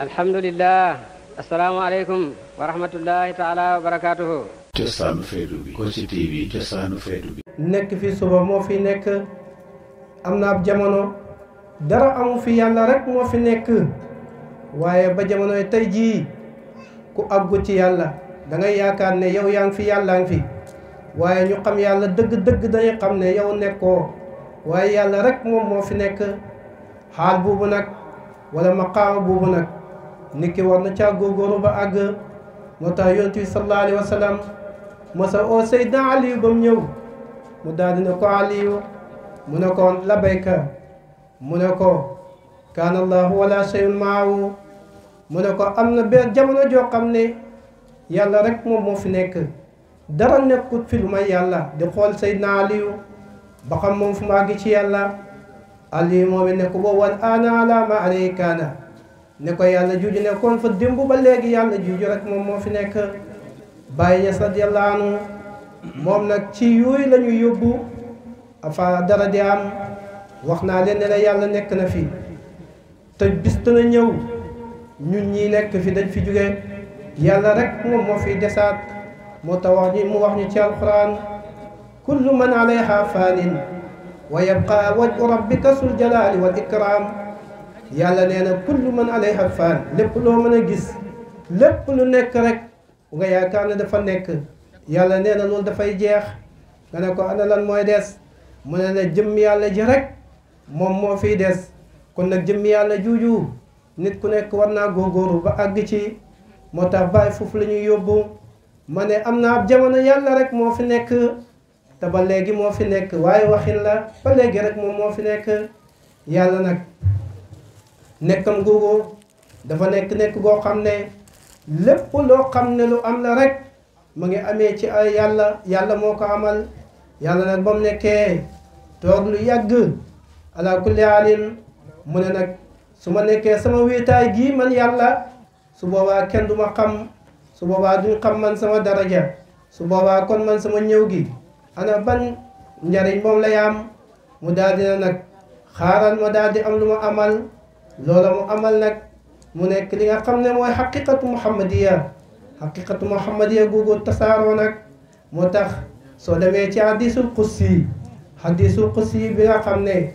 alhamdulillah asalaamaaleykum wa rahmatullahi taala wa barakaatuhu cosaanu feetu bi Kossy bi nekk fi suba moo fi nekk am na ab jamono dara amu fi yàlla rek moo fi nekk waaye ba jamonoy tey jii ku àggu ci yàlla da yaakaar ne yow yaa ngi fi yàllaa ngi fi waaye ñu xam yàlla dëgg-dëgg dañuy xam ne yow nekkoo waaye yàlla rek moom moo fi nekk xaal boobu nag wala maqaama boobu nag nit ki war na caa góorgóorlu ba àgg moo tax yonent bi sallallahu alayhi wa sallam oo Seydina Aliyu ba mu ñëw mu daal ne ko Aliyu mu ne ko labayka mu ne ko kaana allahu wala shayun maahu mu ne ko am na benn jamono joo xam ne yàlla rek moom moo fi nekk dara nekkut fi lu may yàlla di xool Seydina Aliyu ba xam moom fu mu àgg ci yàlla Aliyu moom it ne ko boobu wan ana ala ma ne ko yàlla juuju nekkoon fa démb ba léegi yàlla juuju rek moom moo fi nekk bàyyi ñes radiyallaahu anhu moom nag ci yooyu la ñu yóbbu afa dara di am wax naa leen ne la yàlla nekk na fi te bis dana ñëw ñun ñii nekk fi dañ fi jóge yàlla rek moom moo fi desaat moo tax wax mu wax ñu ci alquran kullu man alayha fanin wa yabqa wajhu rabbika sul jalaali wal ikram yàlla nee na kullu man alayha faan lépp loo mën a gis lépp lu nekk rek nga yaakaar ne dafa nekk yàlla nee na loolu dafay jeex nga ne ko ana lan mooy des mu ne la jëmm yàlla ji rek moom moo fi des kon nag jëmm yàlla juuju nit ku nekk war naa góoru ba àgg ci moo tax bàyyi foofu la ñuy yóbbu ma ne am naa ab jamono yàlla rek moo fi nekk te ba léegi moo fi nekk waaye waxin la ba léegi rek moom moo fi nekk yàlla nag nekkam googu dafa nekk nekk goo xam ne lépp loo xam ne lu am la rek mu ngi amee ci ay yàlla yàlla moo ko amal yàlla nag ba mu nekkee toog lu yàgg ala kulli mu ne nag su ma nekkee sama wéetaay gii man yàlla su boobaa kenn du ma xam su boobaa duñ xam man sama daraja su boobaa kon man sama ñëw gi ana ban njariñ moom la yaam mu daal nag xaaral ma daal am lu ma amal loola mu amal nag mu nekk li nga xam ne mooy xaqiqatu muhammadiya xaqiqatu muhammadiya googu tasaaroo nag moo tax soo demee ci hadisul qudsi hadisul qudsi bi nga xam ne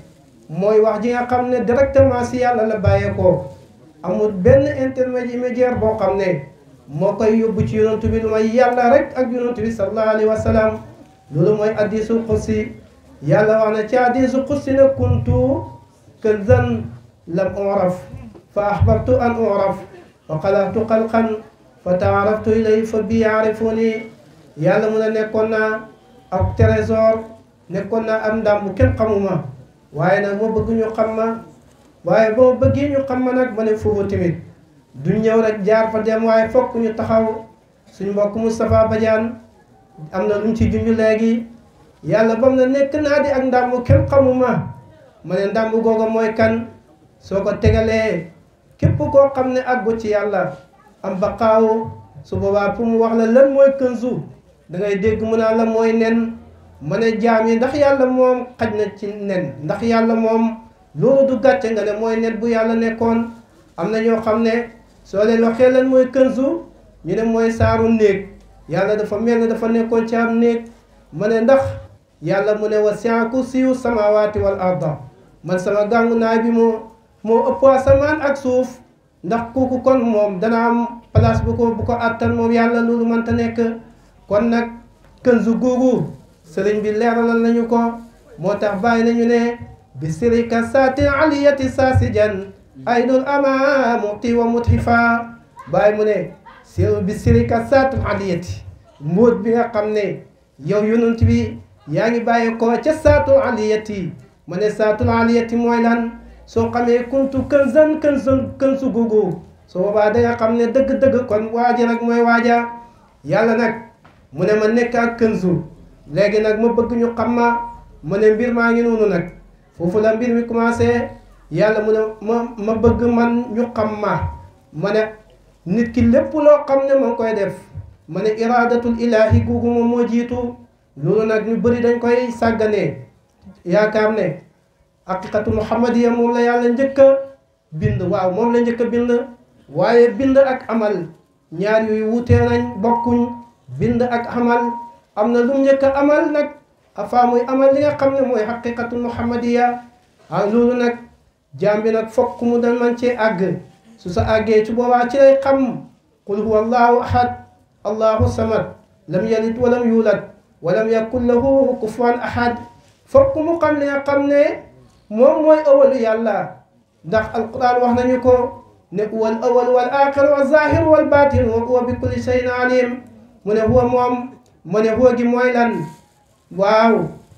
mooy wax ji nga xam ne directement si yàlla la bàyyeekoo amul benn intermédiaire boo xam ne moo koy yóbbu ci yonantu bi lu may yàlla rek ak yonantu bi sallallahu alayhi wa sallam loolu mooy hadisul qudsi yàlla wax na ci hadisul qudsi ne kuntu لم أعرف فأحببت أن أعرف وقلعت قلقا فتعرفت إليه فبيعرفوني yàlla mu ne nekkoon naa ak trésor nekkoon naa am ndam bu xamuma waaye nag moo bëgg ñu xam ma waaye boo bëggee ñu xam ma nag ma ne foofu tamit duñ rek jaar fa dem waaye fokk ñu taxaw suñ mbokk Moustapha Badiane am na lu mu ci junj léegi yàlla bam na nekk naa di ak ndam bu kenn xamuma ma ne ndam googu mooy kan. soo ko tegalee képp koo xam ne ak àggu ci yàlla am ba xaaw su boobaa pour mu wax la lan mooy kënzu da ngay dégg mu naa la mooy nen ma ne jaam yi ndax yàlla moom xaj na ci nen ndax yàlla moom loolu du gàcce nga ne mooy nen bu yàlla nekkoon am na ñoo xam ne soo leen waxee lan mooy kënzu ñu ne mooy saaru néeg yàlla dafa mel ne dafa nekkoon ci am néeg ma ne ndax yàlla mu ne wa si'a kursiyyu samaawaati wal arda man sama gàngu bi moo moo ëpp asamaan ak suuf ndax kooku kon moom dana am place bu ko bu ko àttan moom yàlla loolu mënta nekk kon nag kënzu googu sëriñ bi la nañu ko moo tax na ñu ne bi sirika saati aliyati saasijan ay nul ama muti wa mutxifa bàyyi mu ne sir bi sirika saati aliyati mbóot bi nga xam ne yow yonent bi yaa ngi bàyyi ko ca saatu aliyati ma ne saatu aliyati mooy lan soo xamee kuntu kanzan kanzan kanzu googu soo boobaa da nga xam ne dëgg-dëgg kon waaja nag mooy waaja yàlla nag mu ne ma nekk ak kanzu léegi nag ma bëgg ñu xam ma ne mbir maa ngi noonu nag foofu la mbir mi commencé yàlla mu ne ma ma bëgg man ñu ma ma ne nit ki lépp loo xam ne ma koy def ma ne iradatul ilahi googu moom moo jiitu loolu nag ñu bëri dañ koy sàgganee yaakaar ne haqiqatu muhammadiya moom la yàlla njëkk a bind waaw moom la njëkk a bind waaye bind ak amal ñaar yooyu wutee nañ bokkuñ bind ak amal amna na lu njëkk amal nak afa muy amal li nga xam ne mooy haqiqatu muhammadiya ah loolu nak jaam bi nag fokk mu dal man cee àgg su sa àggee ci boobaa ci lay xam qul huwa ahad allahu samad لم يلد ولم يولد ولم يكن له كفوا احد fokk mu xam li nga moom mooy awalu yàlla ndax alquran wax nañu ko ne huwa awal wal aaxir wa zahir wal baatin wa huwa bi kulli shay'in alim mu huwa moom mu huwa gi mooy lan waaw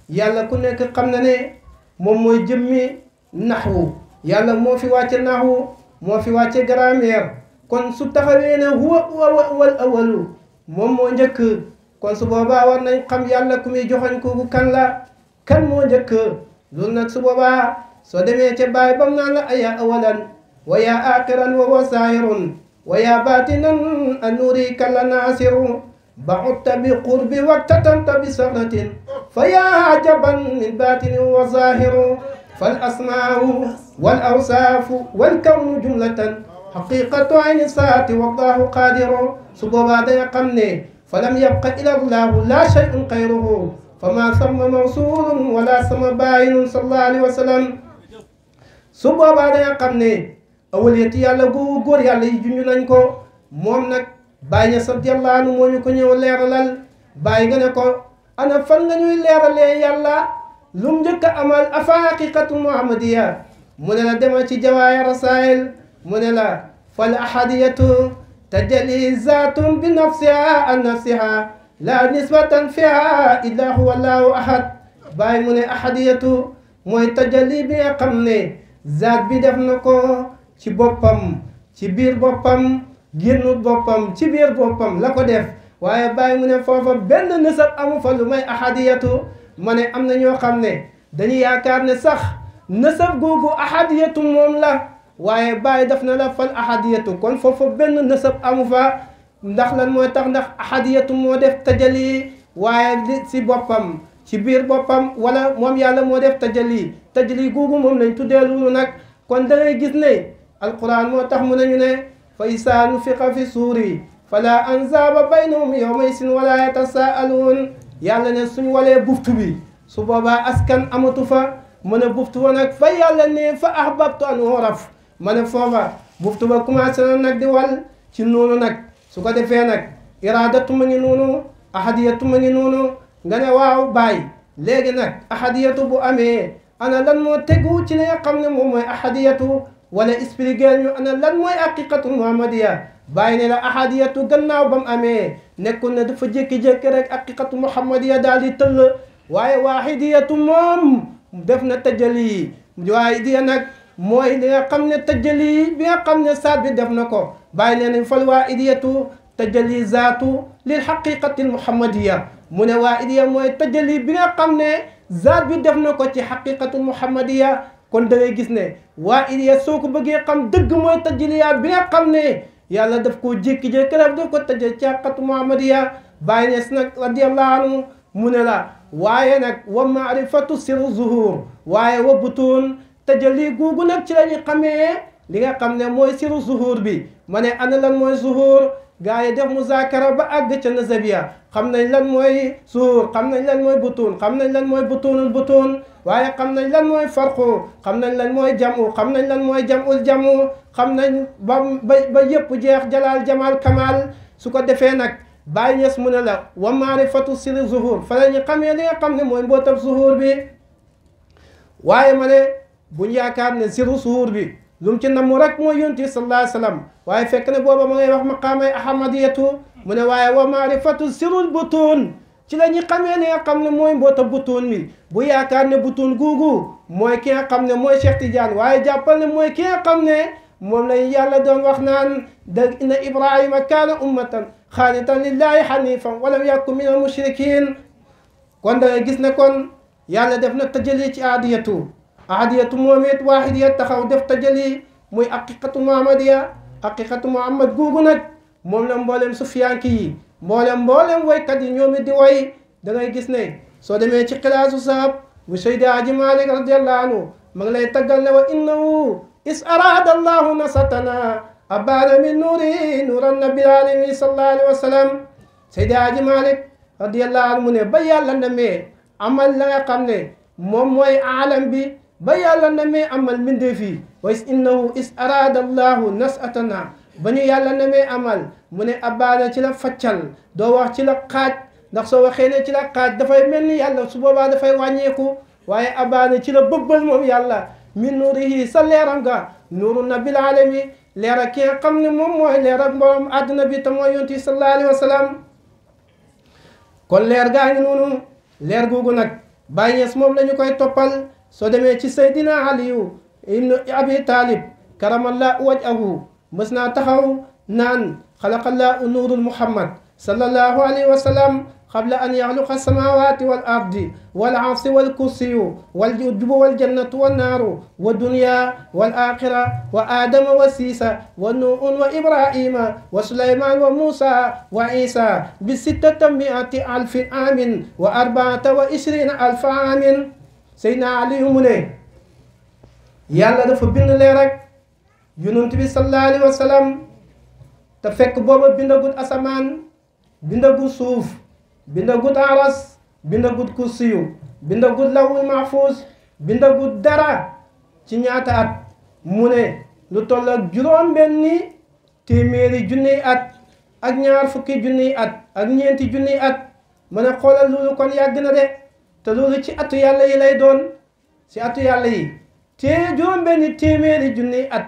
yàlla ku nekk xam na ne moom mooy jëmmi naxwu yàlla moo fi wàcce naxwu moo fi wàcce grammaire kon su taxawee ne huwa wal awalu moom moo njëkk kon su boobaa war nañ xam yàlla ku muy joxoñ kooku kan la kan moo njëkk ذلت سببا صدمي تباي بمنا لأيا أولا ويا آخرا وهو سائر ويا باطنا أنوريك لناصر بعدت بقرب واقتتمت بسرة فيا عجبا من باطن وظاهر فالأسماء والأوصاف والكون جملة حقيقة عين الساعة والله قادر سبوا بعد يقمني فلم يبق إلى الله لا شيء غيره فما ثم mawsuul wala sama baayinun sallallahu alayhi wa sallam su boobaa danga xam ne awaliyati yàlla googu góor yàlla yi junj nañ ko moom nag bàyyi na radiyallahu anhu moo ñu ko ñëw leeralal bàyyi nga ne ko ana fan nga ñuy leeralee yàlla lu mu njëkk a amal afa haqiqatu muhammadiya mu ne la demal ci jawaaya rasaayil mu ne la fal ahadiyatu tajali zaatun bi nafsiha an nafsiha laa nisbatan fiha illa huwa allahu ahad bàyyi mu ne ahadiyatu mooy tajalli bi nga xam ne zaat bi def na ko ci boppam ci biir boppam génnul boppam ci biir boppam la ko def waaye bàyyi mu ne foofa benn nisab amu fa lu may ahadiyatu ma ne am na ñoo xam ne dañu yaakaar ne sax nasab googu ahadiyatu moom la waaye bàyyi def na la fal ahadiyatu kon foofa benn nasab amu fa ndax lan moy tax ndax ahadiyatu mo def tajali waye ci bopam ci bir bopam wala mom yàlla mo def tajali tajali googu mom lañ tuddelu nak kon da ngay gis ne alquran mo tax mu nañu ne fa isaa nufiqa fi suri fala anzaba baynahum yawma isin wala yatasaalun yàlla ne suñu wale buftu bi su boba askan amatu fa mané buftu ba nag fa yàlla ne fa ahbabtu an uraf mané fofa buftu ba commencé nak di wal ci nonu nak su ko defee nag iraadatu ma ngi noonu ahadiyatu ma ngi noonu nga waaw bàyyi léegi nag ahadiyatu bu amee ana lan moo tegu ci ne nga xam ne moom mooy ahadiyatu wala expliquer ñu ana lan mooy aqiqatu muhammadiya bàyyi ne la ahadiyatu gannaaw ba mu amee nekkul ne dafa jékki-jékki rek aqiqatu muhammadiya daal di tëll waaye waahidiyatu moom def na tajali waahidiya nag mooy li nga xam ne tajali bi nga xam ne saat bi def na ko bàyyi nee nañ fal waa idiyatu tajali zaatu lil xaqiqati muhammadiya mu ne waa idiya mooy tajali bi nga xam ne zaat bi def na ko ci xaqiqatul muhammadiya kon da ngay gis ne waa idiya soo ko bëggee xam dëgg mooy tajaliya bi nga xam ne yàlla daf koo jékki-jékki daf daf ko tajal ci xaqiqatu muhammadiya bàyyi ne si nag radiallahu anhu mu ne la waaye nag wa maarifatu sirru zuhur waaye wa butuun tajali googu nag ci la ñu xamee li nga xam ne mooy sirru zuhur bi ma ne ana lan mooy zuhur gaa yi def muzaakara ba àgg ca nazabiya xam nañ lan mooy suur xam nañ lan mooy butuun xam nañ lan mooy butuunul butuun waaye xam lan mooy farqu xam lan mooy jamu xam nañ lan mooy jamul jamu xam nañ ba ba ba yëpp jeex jalaal jamaal kamaal su ko defee nag ñes mu ne la wa maarifatu siri zuhur fa la ñu xamee li nga xam ne mooy mbootab zuhur bi waaye ma buñ yaakaar ne siru suur bi lu mu ci namm rek mooy yonti sallallahu alayhi wa sallam waaye fekk ne ma ngay wax maqaamay ahmadiyatu mu ne waaye wa maarifatu sirul butun ci la ñu xamee ne nga xam ne mooy mboota butun mi bu yaakaar ne butun googu mooy ki nga xam ne mooy Cheikh Tidiane waaye jàppal ne mooy ki nga xam ne moom lañ yàlla doon wax naan da inna ibrahima kaana ummatan xaanitan lillahi hanifan walam yakun min al mushrikin kon da ngay gis ne kon yàlla def na tajali ci aadiyatu ahadiyatu moomit waahidiya taxaw def tajali muy aqiqatu muhammadiya aqiqatu muhammad googu nag moom la mboolem sufiyanki yi mboolem mboolem waykat yi ñoom it di way da ngay gis ne soo demee ci xilaasu saab bu seydi aji malik radiallahu anhu ma ngi lay taggal ne wa innahu is arada allahu nasatana abbaana min nuuri nuuran nabil alami sallallahu alayhi wa sallam seydi aji malik radiallahu anhu mu ne ba yàlla ndamee amal la nga xam ne moom mooy aalam bi ba yàlla namee amal mbindeef yi wa is innahu is araada allahu nasatana ba ñu yàlla namee amal mu ne abbaada ci la faccal doo wax ci la xaaj ndax soo waxee ne ci la xaaj dafay mel ni yàlla su boobaa dafay wàññeeku waaye abbaada ci la bëbbal moom yàlla min nuurihi sa leeram ga nuuru nabil alami leera ki nga xam ne moom mooy leera mborom àdduna bi te mooy yonti sallallahu alayhi wa sallam kon leer gaa ngi noonu leer googu nag bàyyi ñees moom la ñu koy toppal سودميتش سيدنا علي ابن أبي طالب كرم الله وجهه مسنا تخو نان خلق الله نور محمد صلى الله عليه وسلم قبل أن يخلق السماوات والأرض والعرش والكرسي والجب والجنة والنار والدنيا والآخرة وآدم وسيسى ونوح وإبراهيم وسليمان وموسى وعيسى بستة مئة ألف عام وأربعة وعشرين ألف عام Seydina Aliyu mu ne yàlla dafa bind leer rek yonent bi sallallahu alayhi wa sallam te fekk booba bindagut asamaan bindagut suuf bindagut aras bindagut kursiyu bindagut lawul mahfuus bindagut dara ci ñaata at mu ne lu toll ak juróom-benni téeméeri junniy at ak ñaar fukki junniy at ak ñeenti junniy at mu ne xoolal loolu kon yàgg na de. te ci atu yàlla yi lay doon si atu yàlla yi te juróom-benni téeméeri junniy at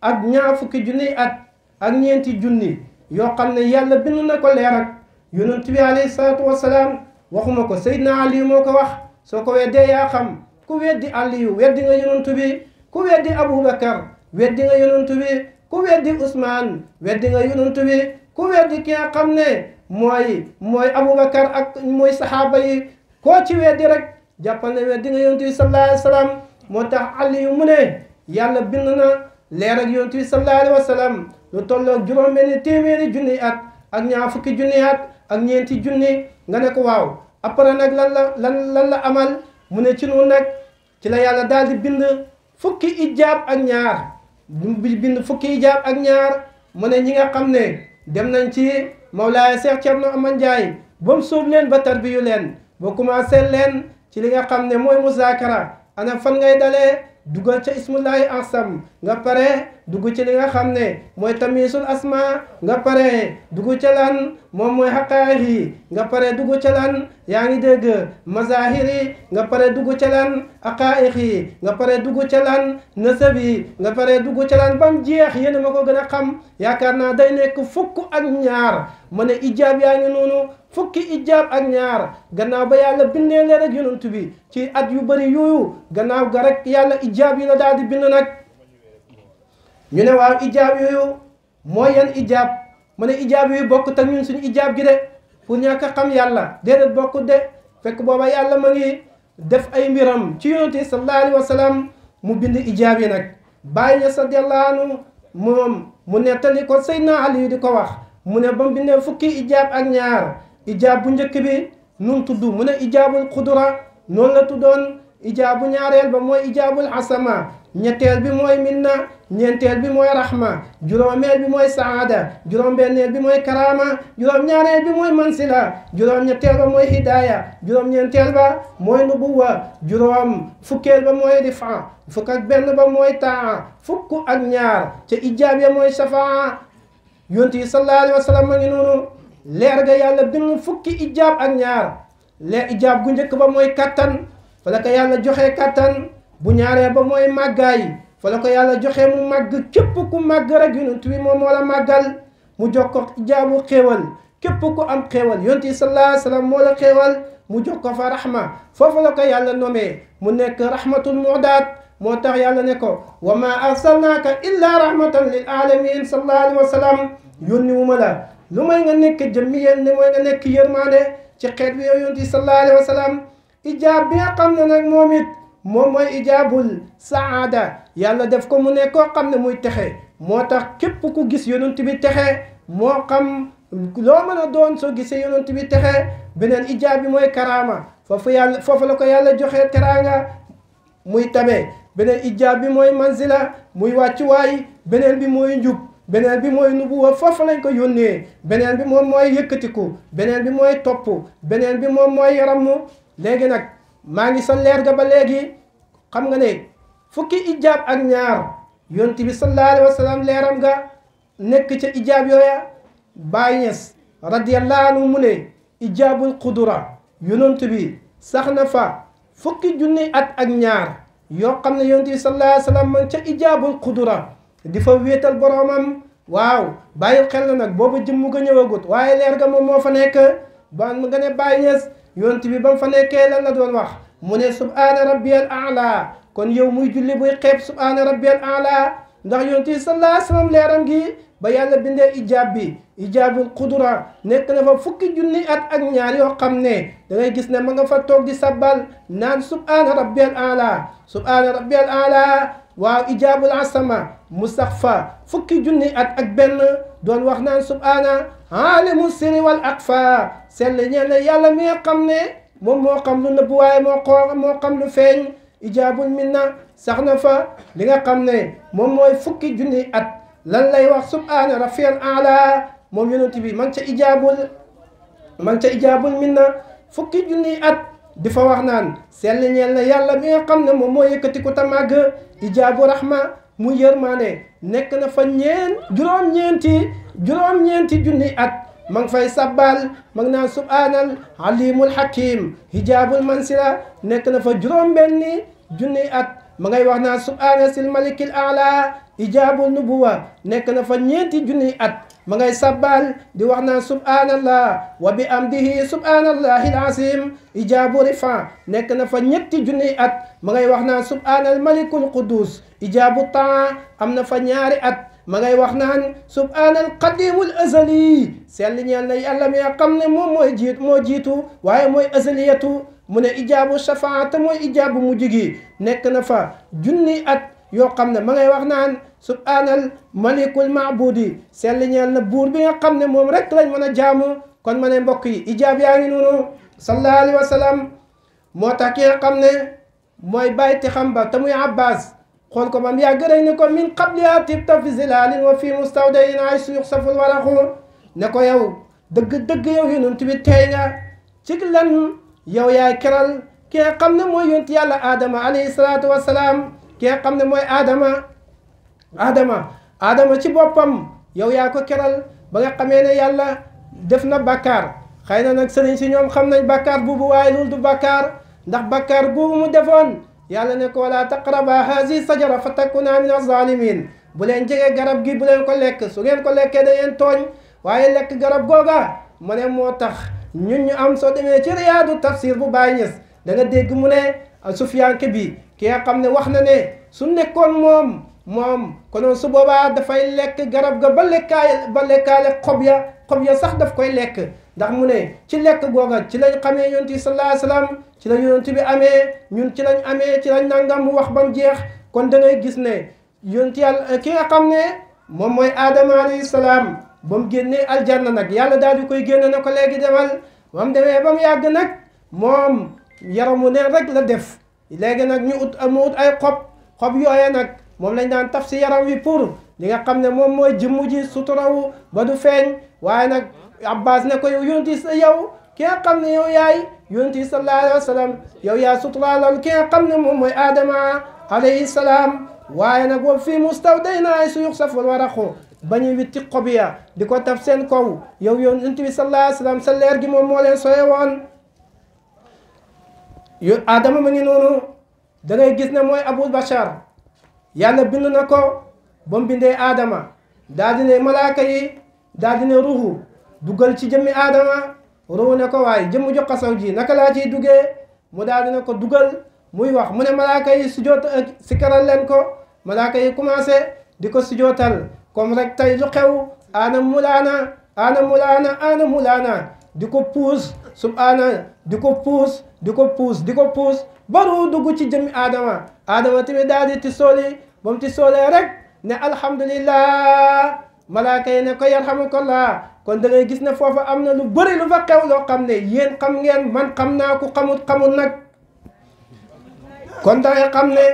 ak ñaar fukki junniy at ak ñeenti junni yoo xam ne yàlla bind na ko leer ak yonent alayhi salaatu wasalaam waxuma ko Seydina Aliyu moo ko wax soo ko weddee yaa xam ku weddi Aliyu weddi nga yonent bi ku weddi Aboubacar weddi nga yonent bi ku weddi Ousmane weddi nga yonent ku weddi ki nga ne mooy mooy Aboubacar ak mooy saxaaba koo ci weddi rek jàppal na weddi nga yonent bi sallallahu alayhi moo tax àll yu mu ne yàlla bind na leer ak yonent bi sallallahu alayhi wa sallam lu tolloog juróom-benni téeméeri junni at ak ñaar fukki junni at ak ñeenti junni nga ne ko waaw après nag lan la lan lan la amal mu ne ci noonu nag ci la yàlla daal di bind fukki ijaab ak ñaar bi bind fukki ijaab ak ñaar mu ne ñi nga xam ne dem nañ ci Mawlaaya Seex Cerno Aman Njaay ba mu sóob leen ba tarbiyu leen boo commencé leen ci li nga xam ne mooy muzaakara ana fan ngay dalee dugal ca ismullahi asam nga pare dugg ci li nga xam ne mooy tamisul asma nga pare dugg ca lan moom mooy xaqaayiq yi nga pare dugg ca lan yaa ngi dégg mazahir yi nga pare dugg ca lan aqaayiq yi nga pare dugg ca lan nasab yi nga pare dugg ci lan bam jeex yéen ma ko gën a xam yaakaar naa day nekk fukk ak ñaar ma ne ijaab yaa ngi noonu fukki ijaab ak ñaar gannaaw ba yàlla bindee leen ak yonent bi ci at yu bari yooyu gannaaw ga rek yàlla ijaab yi la daal di bind nag ñu ne waaw ijaab yooyu mooy yan ijaab ma ne ijaab yooyu bokk tak ñun suñu ijaab gi de pour ñàkk a xam yàlla déedéet bokkut de fekk booba yàlla ma ngi def ay mbiram ci yonent sallallahu alayhi mu bind ijaab yi nag bàyyi na sa dellaanu moom mu nettali ko Seydina yi di ko wax mu ne ba mu bindee fukki ijaab ak ñaar ijaab bu njëkk bi nun tudd mu ne ijaabul qudura noonu la tuddoon ijaabu ñaareel ba mooy ijaabul asama ñetteel bi mooy minna ñeenteel bi mooy rahma juróomeel bi mooy saada juróom-benneel bi mooy karama juróom-ñaareel bi mooy mansila juróom-ñetteel ba mooy hidaya juróom-ñeenteel ba mooy nubuwa juróom fukkeel ba mooy rifa fukk benn ba mooy taa fukk ak ñaar ca ijaab ya mooy shafaa yonent yi sallallahu alayhi wa sallam ma ngi leer ga yàlla bind fukki ijaab ak ñaar leer ijaab gu njëkk ba mooy kattan fa la ko yàlla joxe kattan bu ñaaree ba mooy màggaay fa la ko yàlla joxe mu màgg képp ku màgg rek yonent bi moom moo la màggal mu jox ko ijaabu xéewal képp ku am xéewal yonent bi sallallahu alayhi moo la xéewal mu jox ko fa rahma foofu la ko yàlla nomee mu nekk rahmatul mu'daat moo tax yàlla ne ko wa ma arsalnaaka illa rahmatan lil alamin sallallahu alayhi wasallam yónni wu ma la lu may nga nekk jëmmi yéen mooy may nga nekk yërmaande ci xeet bi yow yonent bi sallallahu alayhi wa sallam ijaab bi nga xam ne nag moom moom mooy ijaabul saada yàlla def ko mu nekkoo koo xam ne muy texe moo tax képp ku gis yonent bi texe moo xam loo mën a doon soo gisee yonent bi texe beneen ijaab bi mooy karaama foofu yàlla foofu la ko yàlla joxe teraanga muy tabe beneen ijaab bi mooy manzila muy wàccuwaay beneen bi mooy njub beneen bi mooy nubuwa foofu lañ ko yónnee beneen bi moom mooy yëkkatiku beneen bi mooy topp beneen bi moom mooy yaram léegi nag maa ngi sa leer ga ba léegi xam nga ne fukki ijaab ak ñaar yonti bi sallallahu leeram nga ca ijaab yooya Baay Ñas radiyallahu anhu mu ne ijaabul qudura sax na fa fukki junni at ak ñaar yoo xam ne yonti bi sallallahu man ca ijaabul qudura di fa wéetal boroomam waaw bàyyi xel na nag boobu jëmm ga ñëwagut waaye leer ga moom moo fa nekk ba nga ne Baay Ñas yonent bi ba mu fa nekkee lan la doon wax mu ne subhaana rabbiyal aala kon yow muy julli buy xeeb subhaana rabbiyal aala ndax yonent bi sallallahu alayhi wa sallam leeram gi ba yàlla bindee ijaab bi ijaabul qudura nekk na fa fukki junni at ak ñaar yoo xam ne da gis ne ma nga fa toog di sabbal naan subhaana rabbiyal aala subhaana rabbiyal aala waaw ijaabul asama mustaxfa fukki junni at ak benn doon wax naan subhaana aalimu siri wal aqfa sell ñeel yàlla mi nga xam ne moom moo xam lu nëbb waaye moo xoo moo xam lu feeñ ijaabul minna sax na fa li nga xam ne moom mooy fukki junni at lan lay wax subhaana rafial ala moom yonent bi man ca ijaabul man ca ijaabul minna fukki junni at di fa wax naan sell ñeel na yàlla bi nga xam ne moom moo yëkkati ku tamàgg ijaabu rahma mu yërmaane nekk na fa ñeen juróom-ñeenti ti ñeenti junni at ma ngi fay sabbal ma ngi naan subhaanal alimul hakim hijaabul mansila nekk na fa juróom-benni junni at ma ngay wax naan subhaana sil malikil ala ijaabul nubuwa nekk na fa ñeenti junni at ma ngay sabbal di wax naan subhanallah wa bi amdihi subhanallahi alazim ijaabu rifa nekk na fa ñetti junniy at ma ngay wax naan subhanal malikul qudus ijaabu taa am na fa ñaari at ma ngay wax naan subhaanal qadimul azali sell ñeel na yàlla mi nga xam ne moom mooy jiit moo jiitu waaye mooy azaliyatu mu ne ijaabu shafaata mooy ijaabu mujj gi nekk na fa junni at yoo xam ne ma ngay wax naan subhaanal malikul maabudi sell ñeel na buur bi nga xam ne moom rek lañ mën a jaamu kon ma ne mbokk yi ijaab yaa ngi noonu sallallahu alayhi wa sallam moo tax ki nga xam ne mooy bàyyi xam ba te muy abbas xool ko bam yaa gërëñ ne ko min qabliha tibta fi zilalin wa fi mustawdayin aysu yuxsaful waraxu ne ko yow dëgg-dëgg yow yonent bi tey nga ci lan yow yaay keral ki nga xam ne mooy yonent yàlla aadama alayhi salaatu wasalaam kee xam ne mooy aadama aadama aadama ci boppam yow yaa ko keral ba nga xamee ne yàlla def na bakkaar xëy na nag sëriñ si ñoom xam nañ bàkkaar buubu waaye loolu du bàkkaar ndax bakkaar buubu mu defoon yàlla ne ko wala taqraba haasi sajara fa takuna min azalimin bu leen jege garab gi bu leen ko lekk su ngeen ko lekkee da ngeen tooñ waaye lekk garab googa ma ne moo tax ñun ñu am soo demee ci riyaadu tafsir bu bàyyi ñës da nga dégg mu ne sufiyanke bi ki nga xam ne wax na ne su nekkoon moom moom konoon su boobaa dafay lekk garab ga ba lekkaay ba lekkaale xob ya xob ya sax daf koy lekk ndax mu ne ci lekk googa ci lañ xamee yonent bi sallallahu alayhi wasallam ci la yonent bi amee ñun ci lañ amee ci lañ nangam mu wax bam jeex kon da ngay gis ne yonent yàlla ki nga xam ne moom mooy aadama alayhi salaam ba mu génnee aljanna nag yàlla daal di koy génn na ko léegi demal ba mu demee ba mu yàgg nag moom yaramu neen rek la def léegi nak ñu ut mu ut ay xop xop yoyé nak mom lañ daan taf ci yaram wi pour li nga xamné mom moy mooy jëmm ji suturawu ba du feñ waye nak abbas ne ko yow yonti sa yow ki nga xam yow yaay yonti sallallahu alayhi wasallam yow yaa suturaalal ki nga xam ne moom mooy alayhi salaam waaye nag wa fii mustawdaynaa suyux saful waraqu ba ñuy witti xob ya di ko taf seen kaw yow yonti sallallahu alayhi wa sa leer gi moom moo leen soye woon yo Adama ma ngi noonu da gis ne mooy Abul Bashar yàlla bind na ko ba mu bindee Adama daal di ne malaaka yi daal di ci jëmmi Adama ruuxu ne ko waaye jëmm jox kasaw ji naka laa ciy duggee mu daal di ko dugal muy wax mu ne malaaka yi sujjoot ak sikaral leen ko malaaka yi di ko sujjootal kom rek tey lu ana mulaana ana mulaana di ko puus. subhaana di ko puus di ko puus di ko puus baru dugg ci jëmmi aadama aadama tamit daal di ti sooli ba mu ti soolee rek ne alhamdulillah malaaka yi ne ko yarhamukallah kon da gis ne foofa am na lu bëri lu fa xew loo xam ne yéen xam ngeen man xam naa ku xamut xamut nag kon da ngay xam ne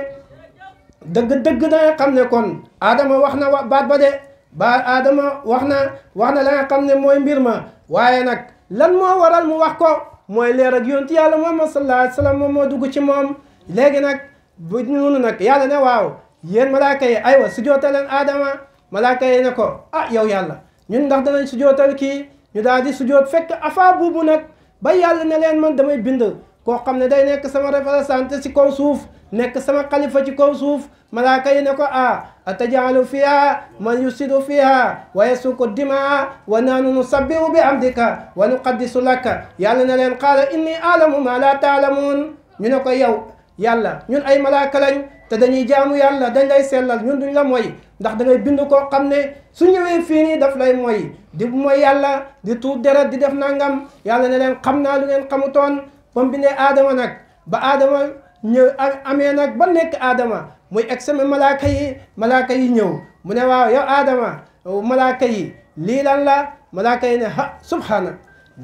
dëgg-dëgg da xam ne kon aadama wax na baat ba de ba aadama wax na wax na la nga xam ne mooy mbir ma waaye nag lan moo waral mu wax ko mooy leer ak yonti yàlla Muhammad sallallahu alayhi wa moom moo dugg ci moom léegi nag bu noonu nag yàlla ne waaw yéen malaaka yi aywa sujootal leen aadama malaaka yi ne ko ah yow yàlla ñun ndax danañ sujootal kii ñu daal di sujoot fekk afa buubu nag ba yàlla ne leen man damay bind koo xam ne day nekk sama représenté si kaw suuf nekk sama xalifa ci kaw suuf malaaka yi ne ko a atajaalu fiha man yusidu fiha wa yasuku dimaa wa naanu nusabbihu bi amdika wa nuqaddisu laka yàlla na leen qaala inni aalamu ma la taalamuun ñu ne ko yow yàlla ñun ay malaaka lañ te dañuy jaamu yàlla dañ lay sellal ñun duñ la mooy ndax da ngay bind koo xam ne su ñëwee fii nii daf lay mooy di mooy yàlla di tuur deret di def nangam yàlla ne leen xam naa lu ngeen xamutoon ba mu bindee aadama nag ba aadama ñëw amee nag ba nekk aadama muy egg sama malaaka yi malaaka yi ñëw mu ne waaw yow aadama malaaka yi lii lan la malaaka yi ne ha subhaana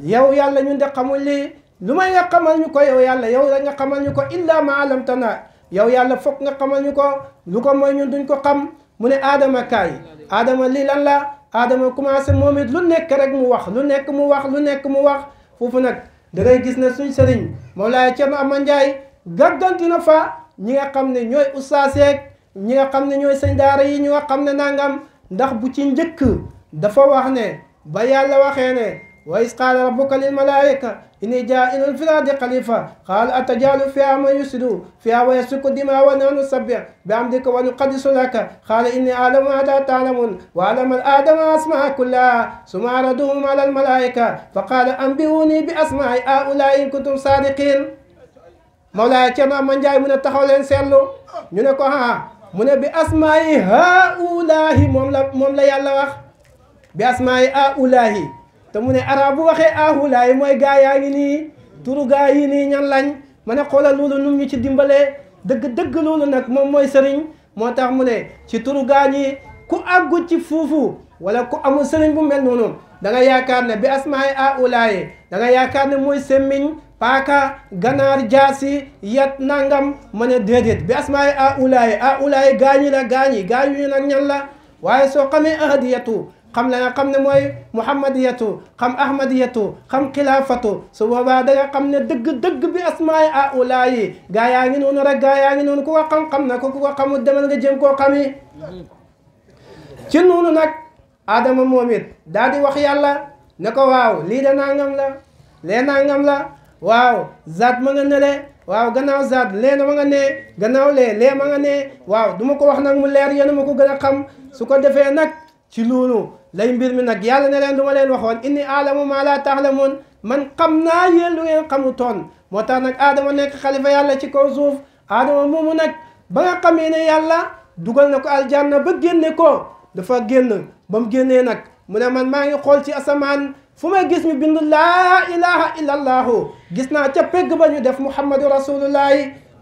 yow yàlla ñun de xamul lii lu may nga xamal ñu ko yow yàlla yow la nga xamal ñu ko illa ma alamtana yow yàlla foog nga xamal ñu ko lu ko mooy ñun duñ ko xam mu ne aadama kaay aadama lii lan la aadama commencé moom it lu nekk rek mu wax lu nekk mu wax lu nekk mu wax foofu nag da ngay gis ne suñ sëriñ Mawlaaya Cerno Aman Njaay gàgganti na fa ñi nga xamne ñoy ñooy ñi nga xamne ñoy sëñ daara yi ñi nga xamne nangam ndax bu ci ñeuk dafa wax ne ba yàlla waxe ne wa isqala rabbuka lil malaika inni ja'ilu fil ardi khalifa qaala ataj'alu fiihaa ma yufsidu fiihaa wa yasku dima wa nanu sabbi bi amdika wa nuqaddisu laka qala inni a'lamu ma la ta'lamun wa al adama asma'a asmaaa suma raduhum ala al malaika fa qala anbiuni bi asma'i haa'ulaa'i in kuntum sadiqin Mawlaay Cerno Amadou Ndiaye mu ne taxaw leen seetlu ñu ne ko haa mu ne bi asmaayi haulaahi moom la moom la yàlla wax bi asmaayi haulaahi te mu ne arab bu waxee haulaahi mooy gaa yaa ngi nii turu gaa yi nii ñan lañ ma ne xoolal loolu num ñu ci dimbalee dëgg dëgg loolu nag moom mooy sëriñ moo tax mu ne ci turu gaa ñi ku àggut ci fuufu wala ku amul sëriñ bu mel noonu da yaakaar ne bi asmaayi a da nga yaakaar ne mooy semmiñ paaka ganaar jaasi yat nangam ma ne déedéet bi asmaay a ulaayi a ulaayi gaañi la gaañi gaañu ñu nag ñan la waaye soo xamee ahadiyatu xam la nga xam ne mooy muhammadiyatu xam ahmadiyatu xam xilaafatu su boobaa da nga xam ne dëgg dëgg bi asmaay a ulaayi gaa yaa ngi noonu rek gaa yaa ngi noonu ku ko xam-xam na ku ka xamul demal nga jëm koo xami ci nuunu nag Adama moom it daal di wax yàlla ne ko waaw lii nangam la lee nangam la waaw zaat ma nga nele waaw gannaaw zaat lee na ma nga nee gannaaw lee lee ma nga ne waaw du ma ko wax nag mu leer yéen ma ko gën a xam su ko defee nag ci loolu lay mbir mi nag yàlla ne leen lu ma leen waxoon inni alamu maa laa taalamuun man xam naa yéen lu ngeen xamu toon moo tax nag aadama nekk xalifa yàlla ci kaw suuf aadama moomu nag ba nga xamee ne yàlla dugal na ko aljanna ba génne ko dafa génn ba mu génnee nag mu ne man maa ngi xool ci asamaan فما جسم بن لا إله إلا الله جسنا تبقى بني دف محمد رسول الله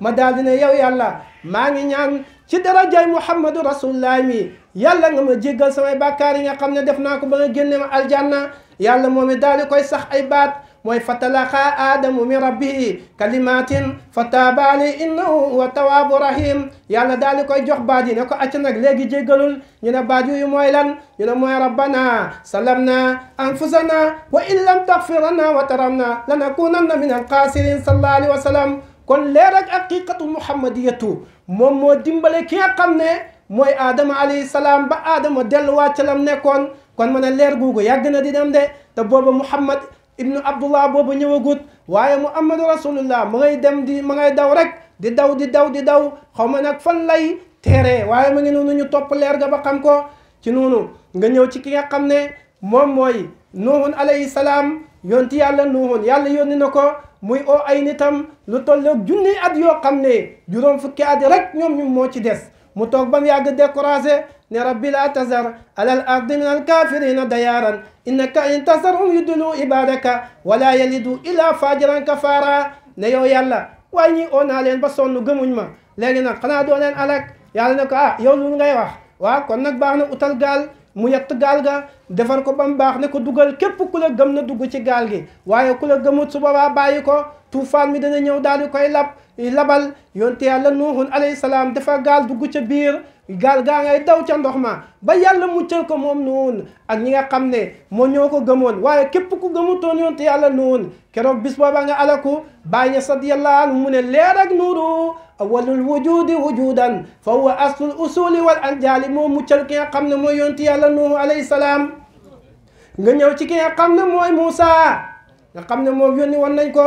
ما دالنا يو يلا ما نيان شدرا جاي محمد رسول الله مي يلا نم جيغل سمي باكاري نقام ندفناكو بغي جنم الجنة يلا مومي دالي كوي صح عباد mooy fatalaqaa aadamu min rabbihi kalimatin fataaba alayhi innahu wa tawaabu rahim yàlla daal di koy jox baat yi ne ko acc nag léegi jéggalul ñu ne baat yooyu mooy lan ñu ne mooy rabbana salamna anfusana wa in lam taghfir lana wa taramna lanakunanna min alxaasirin sallallahu alayhi wa sallam kon leer ak haqiqatu muhammadiyatu moom moo dimbale ki nga xam ne mooy aadama alayhi salaam ba aadama delluwaat ca lam nekkoon kon ma ne leer googu yàgg na di dem de te booba muhammad ibnu abdullah boobu ñëwagut waaye muhammadu rasulullah ma ngay dem di ma ngay daw rek di daw di daw di daw xaw ma nag fan lay teeree waaye ma ngi noonu ñu topp leer ga ba xam ko ci noonu nga ñëw ci ki nga xam ne moom mooy nuhun alayhi salaam yonti yàlla nuhun yàlla yónni na ko muy oo ay nitam lu tolloog junni at yoo xam ne juróom fukki at rek ñoom ñu moo ci des متوقبم يا قد قراسي نربي لا تزر على الأرض من الكافرين ديارا إنك انتصرهم يدلوا إبادك ولا يلدوا إلا فاجرا كفارا نيو يلا واني اونا لين بسون نغمون ما لغينا قنا دونن الك يالا نكو اه يو لون غاي واخ وا كون نك باخنا اوتال غال مو يات غال غا ديفار كو بام باخ نكو دوغال كيب كولا غمنا دوغو سي غال غي وايو كولا غموت سو بابا بايكو توفان مي دنا نيو دالو كوي لاب labal yonte yàlla nuuhun alayhi salaam dafa gal dugg ca bir gaal gaa ngay daw ca ndox ma ba yàlla muccal ko moom nuun ak ñi nga xam ne moo ñoo ko gëmoon ku yonte bis nga alaku bàyyi na radiyallahu anhu leer ak awalul wujudi wujudan fa huwa aslul usuli wal anjaali moo muccal ki nga xam ne mooy yonte yàlla nuuhu alayhi salaam nga ñëw ci ki nga xam nga nañ ko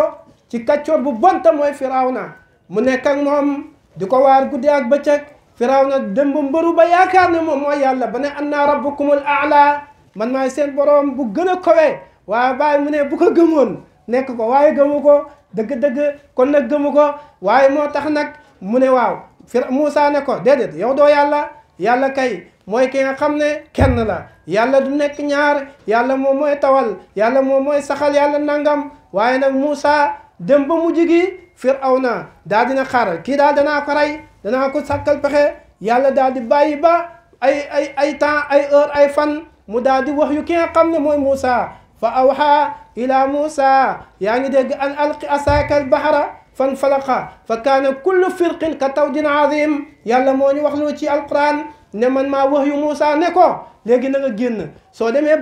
ci kàccoor bu bonta moy Firawna mu nekk ak moom di ko waar guddi ak bëccëg firawna dëmb mbëru ba yaakaar ne moom mooy yàlla ba ne anna rabbukumul aala man maay seen boroom bu gën a kowe waaye bàyyi mu ne bu ko gëmoon nekk ko waaye gëmu ko dëgg-dëgg kon nag gëmu ko waaye moo tax nag mu ne waaw fir Moussa ne ko déedéet yow doo yàlla yàlla kay mooy ki nga xam ne kenn la yàlla du nekk ñaar yàlla moom mooy tawal yàlla moom mooy saxal yàlla nangam waaye nag Moussa dem ba mujj gi فرعون دادنا خار كي دادنا اخري دنا كو سكل بخه يالا دادي باي با اي اي اي تا اي اور اي فن مدادي وحيو كي قمن موي موسى فاوحى الى موسى يعني دغ ان القي اساك البحر فانفلق فكان كل فرق كتود عظيم يالا موني وخلو تي القران نمن ما وحيو موسى نكو لغي نغا ген سو ديمي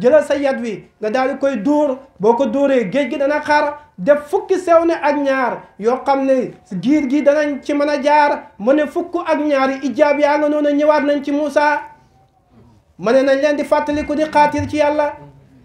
jëlal sa yat wi nga daal di koy dóor boo ko duuree géej gi dana xar def fukki sew ne ak ñaar yoo xam ne giir gi danañ ci mën a jaar mu ne fukk ak ñaar yi ijaab yaa nga noonu ñëwaat nañ ci Moussa ma ne nañ leen di fàttaliku di xaatir ci yàlla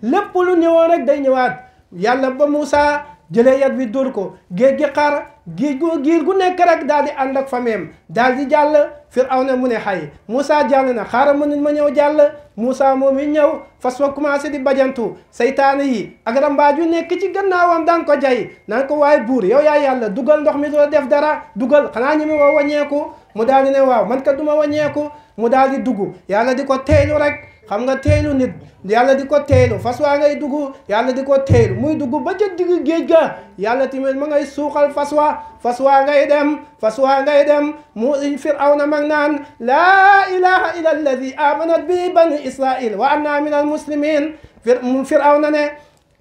lépp lu ñëwoon rek day ñëwaat yàlla ba Moussa jëlee yat wi dóor ko géej gi xar géej gu giir gu nekk rek daal di ànd ak fameem daal di jàll Firawna mu ne xay Moussa jàll na xaaral ma ma ñëw jàll Moussa moom it ñëw fas wa commencé di bajantu saytaane yi ak rambaaju nekk ci gannaawam daan ko jay naan ko waaye buur yow yaa yàlla dugal ndox mi doo def dara dugal xanaa ñi ma woo wàññeeku mu daal ne waaw man ka duma ma wàññeeku mu daal di dugg yàlla di ko teelu rek xam nga teelu nit yàlla di ko teelu fas waa ngay dugg yàlla di ko teelu muy dugg ba ca digg géej ga yàlla tamit ma ngay suuxal fas waa fas waa ngay dem fas waa ngay dem mu firawna mag naan laa ilaha illa alladi amanat bi banu israil wa anna min al firawna ne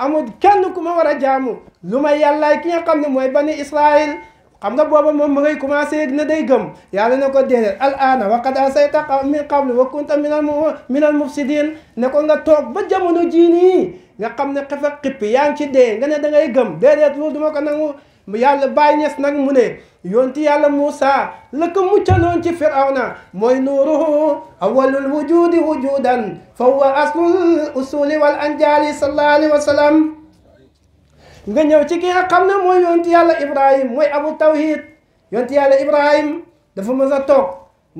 amul kenn ku ma war a jaamu lu may yàllaay ki nga xam ne mooy banu israil xam nga booba moom ngay commencé yëg ne day gëm yàlla ne ko déedéet al ana wa qad asayta min qabl wa kunta min al min al mufsidin ne ko nga toog ba jamono jii nii nga xam ne xef ak yaa ngi ci dee nga ne da ngay gëm déedéet loolu duma ko nangu yàlla bàyyi ñes nag mu ne yonti yàlla Muusa la ko muccaloon ci firawna mooy nuuruhu awalul wujudi wujudan fa huwa aslul usuli wal anjali sallallahu alayhi wa sallam nga ñëw ci ki nga na ne mooy yonti yàlla ibrahim mooy abu tawhid yonti yàlla ibrahim dafa ma sa toog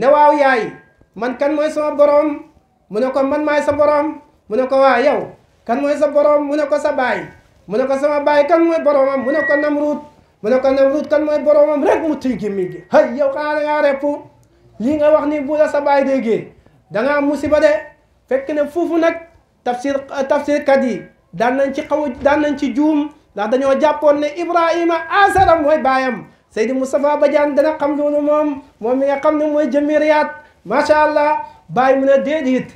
ne waaw yaay man kan mooy sama borom mu ne man maay sa borom mu ne ko waa yow kan mooy sa borom mu ne ko sa baay mu ne ko sama baay kan mooy boromam mu ne ko namruut mu ne ko namruut kan mooy boromam rek mu tëj gémmiñ gi hay yow xanaa da ngaa repp lii nga wax ni bu la sa baay déggee da ngaa musiba de fekk ne foofu nag tafsir tafsirkat yi daan nañ ci xaw daan nañ ci juum ndax dañoo jàppoon ne Ibrahima asara mooy baayam Seydi ba Badiane dana xam loolu moom moom mi nga xam ne mooy jëmmi Riyad macha allah bàyyi mu ne déedéet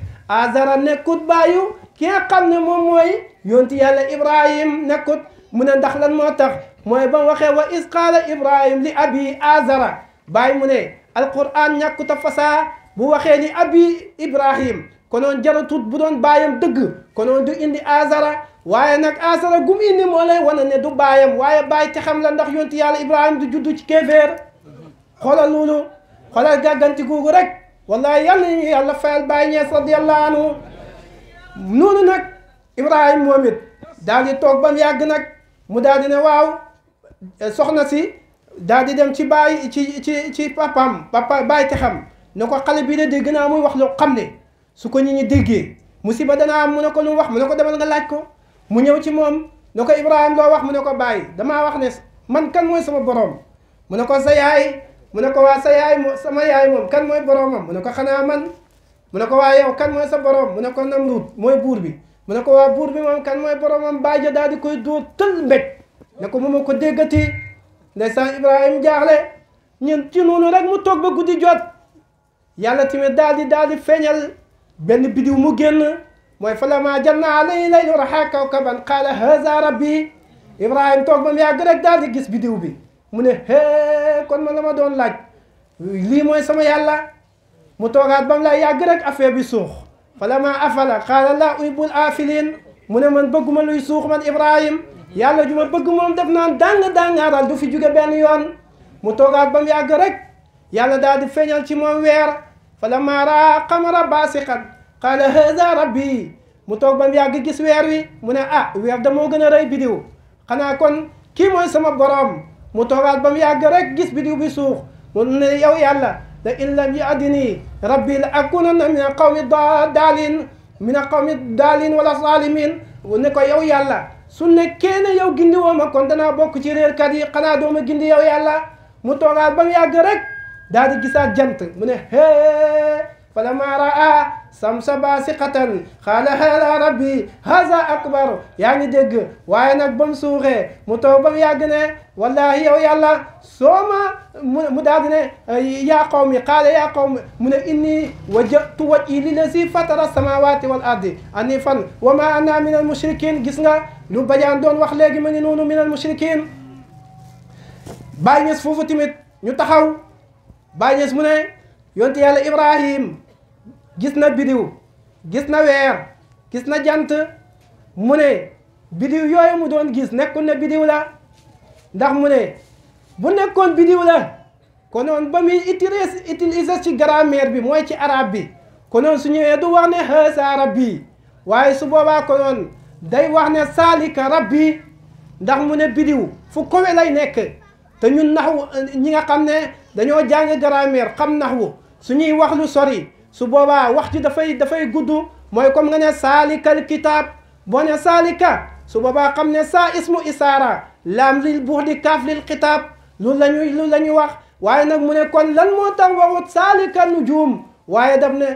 baayu ki nga xam ne moom mooy yonti yàlla Ibrahim nekkut mu ne ndax lan moo tax mooy ba waxee wa is qaala Ibrahim li abi asara baay mu ne alquran ñàkkut a fasaa bu waxee ni abi Ibrahim konoon jarutut bu doon baayam dëgg konoon du indi azara waye nak asara gum indi mo lay wane ne du bayam waye bay te xam la ndax yonti yàlla ibrahim du juddu ci kever xolal lolu xolal gaganti gugu rek wallahi yàlla ñu yàlla fayal bay ne radiallahu anhu noonu nag ibrahima moom it daal di toog ba mu yàgg mu daal di ne waaw soxna si daal di dem ci bay ci ci ci papam papa bay te xam nako xale bi de dégg naa muy wax lo xamne su ko nit ñi degge musiba dana am mu nako lu wax mu nako demal nga laaj ko mu ñew ci moom ne ko ibrahim loo wax mu ne ko bay damaa wax ne man kan moy sama borom mu ne ko sa yaay mu ne ko waa sa yaay mo sama yaay moom kan moy boromam mu ne ko xana man mu ne ko wa yow kan moy sa borom mu ne ko namrud moy bur bi mu ne ko waa burbi, bi mom kan mom boromam ja dal di koy do tël mbéj ne ko mu ma ko ne sa ibrahim jaxle ñun ci nonu rek mu tok ba guddi jot yalla timi dal di dal di feñal ben bidiw mu genn mooy fala la maa jëm naa lay lay raxaa kawkaban qaala haza rabbi ibrahim toog ba mu yàgg rek daal di gis biddiw bi mu ne kon man la ma laaj lii mooy sama yàlla mu toogaat ba mu la yàgg rek affaire bi suux fa la afala qaala laa uhibbul aafiliin mu ne man bëgguma luy suux man Ibrahima yàlla ju ma bëgg moom def naan dàng dàngaaral du fi jóge benn yoon mu toogaat ba mu rek yàlla daal di feeñal ci moom weer fa la maa qamara baasiqan قال هذا ربي متوك بام يا غيس ويروي منا اه ويرد مو غنا راي فيديو خنا كون كي موي سما بروم متوك بام يا غرك غيس فيديو بي سوخ من يو يالا لا ان لم يعدني ربي لاكون من قوم الضالين من قوم الضالين ولا ظالمين ونكو يو يالا سنة كينا يو جندي وما كون دنا بوك جيرير كادي قنا دوما جندي يو يالا متوك بام يا غرك دادي غيسات جنت من هي فلما رأى سمسة باسقة xaala xeela rabbi haza akbar yaa ngi dégg waaye nag ba mu suuxee mu toog ba mu yàgg ne wallahi yow yàlla soo ma mu daal di ne yaa qawmi qaala yaa qawmi mu ne inni wajjahtu wajhi lillazi fatara samawati wal ardi ani fan wa ma ana min al mushrikin gis nga lu bajaan doon wax léegi ma ngi noonu min al mushrikin bàyyi ñes foofu tamit ñu taxaw bàyyi ñes mu ne yonte yàlla ibrahim gis na bidiw gis na weer gis na jant mu ne bidiw yooyu mu doon gis nekkul ne bidiw la ndax mu ne bu nekkoon bidiw la konoon ba muy utilisé utilisé ci grammaire bi mooy ci arabe bi konoon su ñëwee du wax ne haasa rabbi waaye su boobaa konoon day wax ne saalika rabbi ndax mu ne bidiw fu kowe lay nekk te ñun naxwu ñi nga xam ne dañoo jàng grammaire xam nax wu su wax lu sori su boobaa wax ji dafay dafay gudd mooy comme nga ne saalikal kitab boo ne saalika su boobaa xam ne saa ismu isaara laam lil buux kaaf lil kitab lu la ñuy lu la wax waaye nag mu ne kon lan moo tax waxut saalika nujum waaye daf ne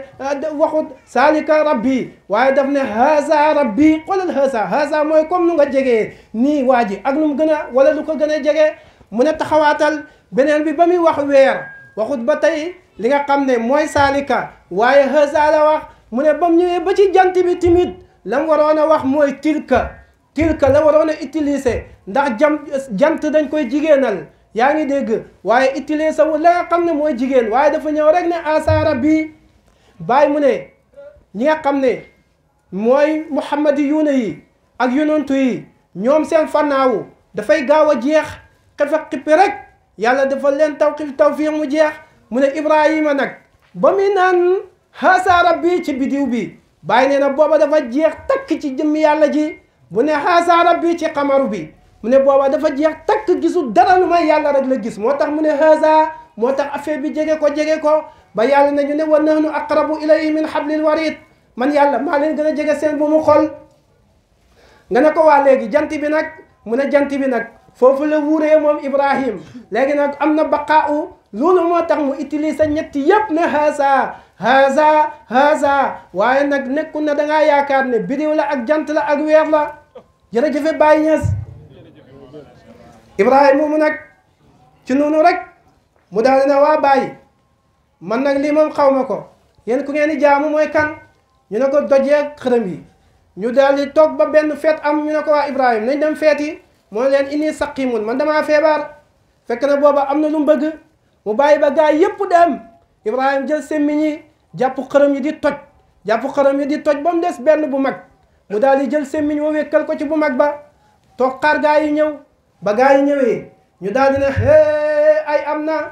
waxut saalika rabbi waaye daf ne haza rabbi xoolal haza haza mooy comme nu nga jegee nii waa ji ak nu mu gën a wala lu ko gën a jege mu ne taxawaatal beneen bi ba muy wax weer waxut ba tey li nga xam ne mooy saalika waaye hësa wax mu ne ba mu ba ci jant bi timit la mu waroon a wax mooy tilka tilka la waroon a utiliser ndax jam jant dañ koy jigéenal yaa ngi dégg waaye utiliser wu la nga xam ne mooy jigéen waaye dafa ñëw rek ne asaara bi bàyyi mu ne ñi nga xam ne mooy muhammadi yuuna yi ak yonantu yi ñoom seen fannaawu dafay gaaw a jeex xefe xippi rek yàlla dafa leen taw xif taw fii mu jeex mu ne Ibrahima nag ba muy naan xaasa rabbi ci bidiw bi bàyyi nee na booba dafa jeex takk ci jëmm yàlla ji bu ne xaasa rabbi ci xamaru bi mu ne booba dafa jeex takk gisul dara lu may yàlla rek la gis moo tax mu ne xaasa moo tax affaire bi jege ko jege ko ba yàlla nañu ne wa nahnu aqrabu ilayhi min hablil warid man yàlla maa leen gën a jege seen bu mu xol nga ko waa léegi jant bi nag mu ne jant bi nag foofu la wuuree moom Ibrahim léegi nag am na baqaa'u loolu moo tax mu utiliser ñetti yëpp ne haasa haasa haasa waaye nag nekku na da ngaa yaakaar ne biddiw ak jant la ak weer la jërëjëf Baye Niass Ibrahim moomu nag ci noonu rek mu daal na waa Baye man nag lii moom xaw ma ko yéen ku ngeen di jaamu mooy kan ñu ne ko dojee xërëm yi ñu daal di toog ba benn feet am ñu ko Ibrahim nañ dem feet yi moo leen inni saqimun man damaa feebar fekk na booba am na lu mu bëgg mu bàyyi ba gaa yépp dem Ibrahima jël semmiñ yi jàpp xërëm yi di toj jàpp xërëm yi di toj ba mu des benn bu mag mu daal di jël semmiñ woo wékkal ko ci bu mag ba toog xaar gaa yi ñëw ba gaa yi ñëwee ñu daal di ne hee ay am na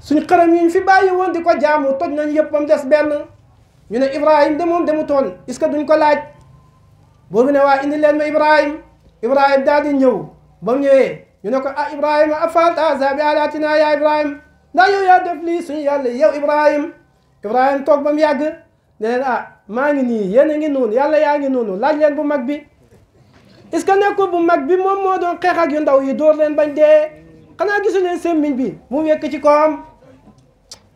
suñ xërëm yi ñu fi yi woon di ko jaamu toj nañ yëpp ba mu des benn ñu ne Ibrahima de moom demu toon est-ce duñ ko laaj boobu ne waa indi leen ma Ibrahima ibrahim daal di ñëw ba mu ñëwee ñu ne ko ah ibrahima afalta zabi alatina ya ibrahim ndax yow yaa def lii suñu yàlla yow ibrahim ibrahim toog ba mu yàgg ne leen ah maa ngi ni yéen a ngi yàlla yaa ngi noonu laaj leen bu mag bi est-ce que nekkul bu mag bi moom moo doon xeex yu ndaw yi door leen bañ dee xanaa gisu leen semmiñ bi bu wekk ci koom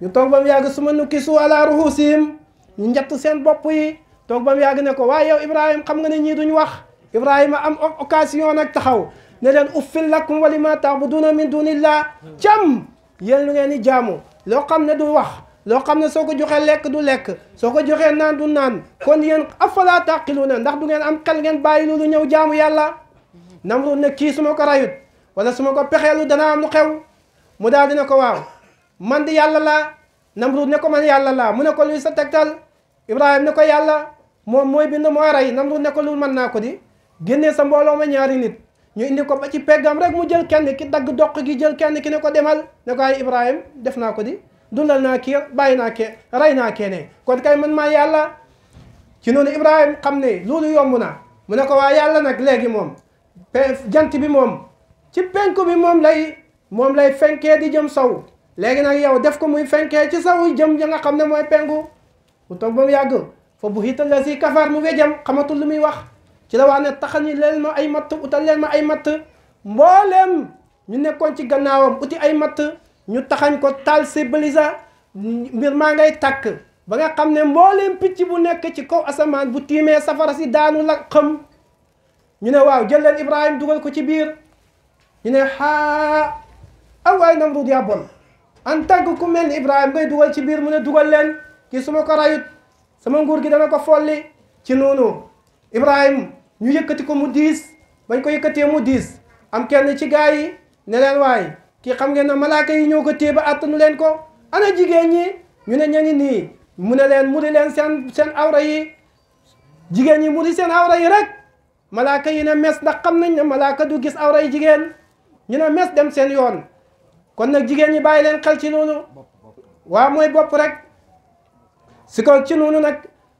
ñu toog ba mu yàgg su ma nukki su ala ruhusim ñu njett seen bopp yi toog ba yàgg ne ko waaye yow ibrahim xam nga ne ñii duñ wax Ibrahima am occasion nag taxaw ne leen uffil lakum wa lima taabuduna min dunillah jàmm yéen lu ngeen di jaamu loo xam ne du wax loo xam ne soo ko joxee lekk du lekk soo ko joxee naan du naan kon yéen afala taqiluna ndax du ngeen am xel ngeen bàyyi loolu ñëw jaamu yàlla Namrud ne kii su ma ko rayut wala su ma ko pexeelu danaa am lu xew mu daal dina ko waaw man di yàlla laa Namrud ne ko man yàlla laa mu ne ko luy sa tegtal Ibrahima ne ko yàlla moom mooy bind mooy rey Namrud ne ko lu mën naa ko di génnee sa mbooloo ma ñaari nit ñu indi ko ba ci peggam rek mu jël kenn ki dagg doq gi jël kenn ki ne ko demal ne ko ay Ibrahim def naa ko di dundal naa kii bàyyi naa kee rey naa kene ne kon kay man maa yàlla ci noonu Ibrahim xam ne loolu yomb na mu ne ko waa yàlla nag léegi moom jant bi moom ci penku bi moom lay moom lay fenkee di jëm saw léegi nag yow def ko muy fenkee ci saw jëm ya nga xam ne mooy penku mu toog ba mu yàgg fa bu hiital la si kafar mu wejam xamatul lu muy wax ci la ne taxal ni leen ma ay matt utal leen ma ay matt mbooleem ñu nekkoon ci gannaawam uti ay matt ñu taxañ ko taal sébbalisa mbir maa ngay tàkk ba nga xam ne mbooleem picc bu nekk ci kaw asamaan bu tiimee safara si daanu la xam ñu ne waaw jël leen Ibrahima dugal ko ci biir ñu ne xaa awaay Namruud yaa ku mel ni Ibrahima ngay dugal ci biir mu ne dugal leen kii su ma ko rayut sama nguur gi dana ko folli ci noonu Ibrahima ñu yëkkati ko mu diis bañ ko yëkkatee mu diis am kenn ci gaa yi ne leen waaye kii xam ngeen ne malaaka yi ñoo ko téye ba attanu leen ko ana jigeen ñi ñu ne ña nii mu ne leen muri leen seen seen awra yi jigéen ñi mu muri seen awra yi rek malaaka yi ne mes ndax xam nañ ne malaaka du gis awra yi jigéen ñu ne mes dem seen yoon kon nag jigéen ñi bàyyi leen xel ci loolu waa mooy bopp rek su ko ci noonu nag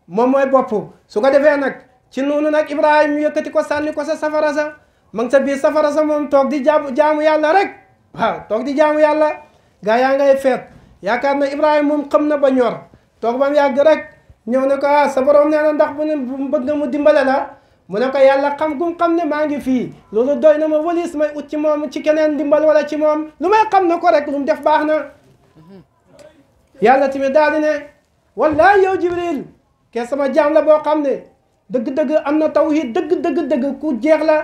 moom mooy bopp su ko defee nag ci noonu nag Ibrahima yëkkati ko sànni ko sa safara sa ma sa biir safara sa moom toog di jaamu jaamu yàlla rek waaw toog di jaamu yàlla gaa yaa ngay fet yaakaar na Ibrahima moom xam na ba ñor toog ba mu yàgg rek ñëw ne ka ah sa borom nee na ndax bu ne bëgg mu dimbale la mu na ka yàlla xam gum xam ne maa ngi fii loolu doy na ma walis ma ut ci moom ci keneen dimbal wala ci moom lu may xam na ko rek lu mu def baax na yàlla tamit daal di ne wallaay yow Jibril ke sama jaam la boo xam ne dëgg-dëgg am na tawhid dëgg-dëgg-dëgg ku jeex la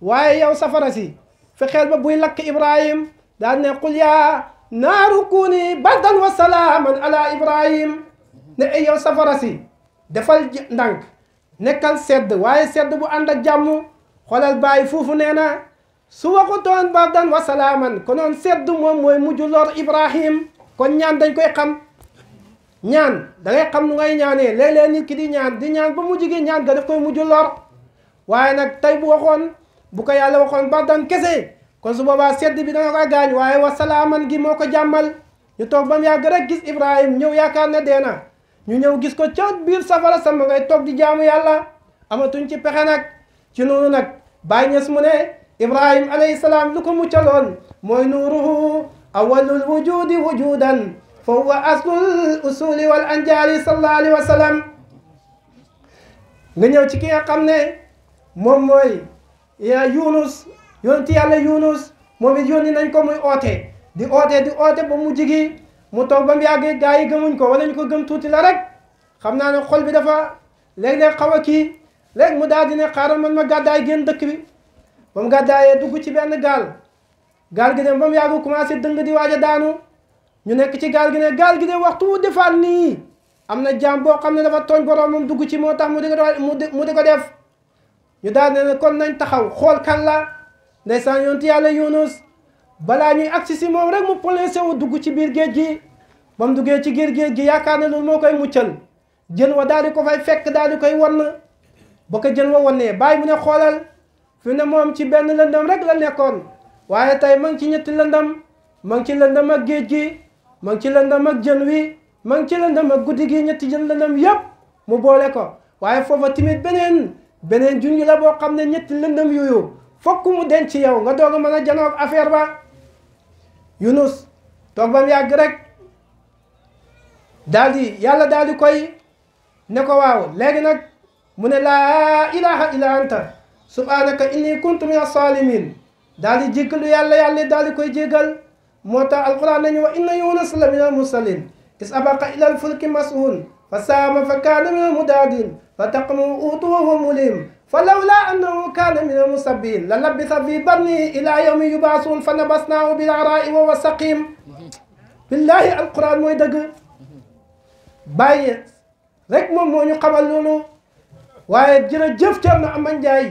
waaye yow safara si fexeel ba buy lakk ibrahim daal ne qul yaa naaru kuuni bardan wa salaaman ala ibrahim ne ay yow safara si defal ndànk nekkal sedd waaye sedd bu ànd ak jàmm xoolal bàyyi foofu nee na su waxutoon bardan wa salaaman konoon sedd moom mooy mujj lor ibrahim kon ñaan dañ koy xam ñaan da ngay xam nu ngay ñaanee léeg-léeg nit ki di ñaan di ñaan ba mu jigee ñaan ga koy mujju lor waaye nag tey bu waxoon bu ko yàlla waxoon ba dan kese ko su boobaa sedd bi danga koy gaañ waaye wasalaaman gi moo ko jàmmal ñu toog ba mu yàgg rek gis Ibrahim ñëw yaakaar ne dee na ñu ñëw gis ko ca biir safara sama ngay toog di jaamu yàlla amatuñ ci pexe nag ci noonu nag Baay Ñas mu ne Ibrahim alayhi salaam lu ko muccaloon mooy nuuruhu awalul wujudi wujudan fa huwa aslul usuli wal anjaali sallallahu alayhi wa sallam nga ñëw ci ki nga xam ne moom mooy yaa yunus yonti yàlla yunus moom it yi nañ ko muy oote di oote di oote ba mu jigi mu toog ba mu yàggee gaa yi gëmuñ ko wala ñu ko gëm tuuti la rek xam naa ne xol bi dafa léeg-léeg xaw a kii léegi mu daal di ne xaaral man ma gàddaay génn dëkk bi ba mu gàddaayee dugg ci benn gaal gaal gi dem ba mu yàgg commencé dëng di waaj daanu ñu nekk ci gaal gi ne gaal gi de waxtu wu defaat nii am na jaam boo xam ne dafa tooñ borom moom dugg ci moo tax mu di ko mu di ko def ñu daal ne kon nañ taxaw xool kan la ndeysaan yonti yàlla Yunus balaa ñuy agsi si moom rek mu plongé wu dugg ci biir géej gi ba mu duggee ci biir géej gi yaakaar ne loolu moo koy muccal jën wa daal di ko fay fekk daal di koy wan ba ko jën wa wannee bàyyi mu ne xoolal fi ne moom ci benn lëndam rek la nekkoon waaye tey ma ngi ci ñetti lëndam ma ngi ci lëndam géej gi ma ngi ci lëndam ak jën wi man ngi ci lëndam ak guddi gi ñetti jën lëndam yépp mu boole ko waaye foofa tamit beneen beneen junj la boo xam ne ñetti lëndam yooyu fokk mu denc ci yow nga doog a mën a janoog affaire ba Yunus toog ba mu yàgg rek daal di yàlla daal di koy ne ko waaw léegi nag mu ne laa ilaha illa anta subhanaka inni kuntu min asalimin daal di jéggalu yàlla yàlla daal di koy jéggal موتا القران نيو ان يونس لمن المرسلين اذ الى الفلك مسهول فسام فكان من المدادين فتقموا اوتوه ملم فلولا انه كان من المسبين للبث في بطنه الى يوم يبعثون فنبسناه بالعراء وهو سقيم بالله القران موي دغ باي رك موم مو نيو خمال لولو واي جيرا جيف تي امنا امان جاي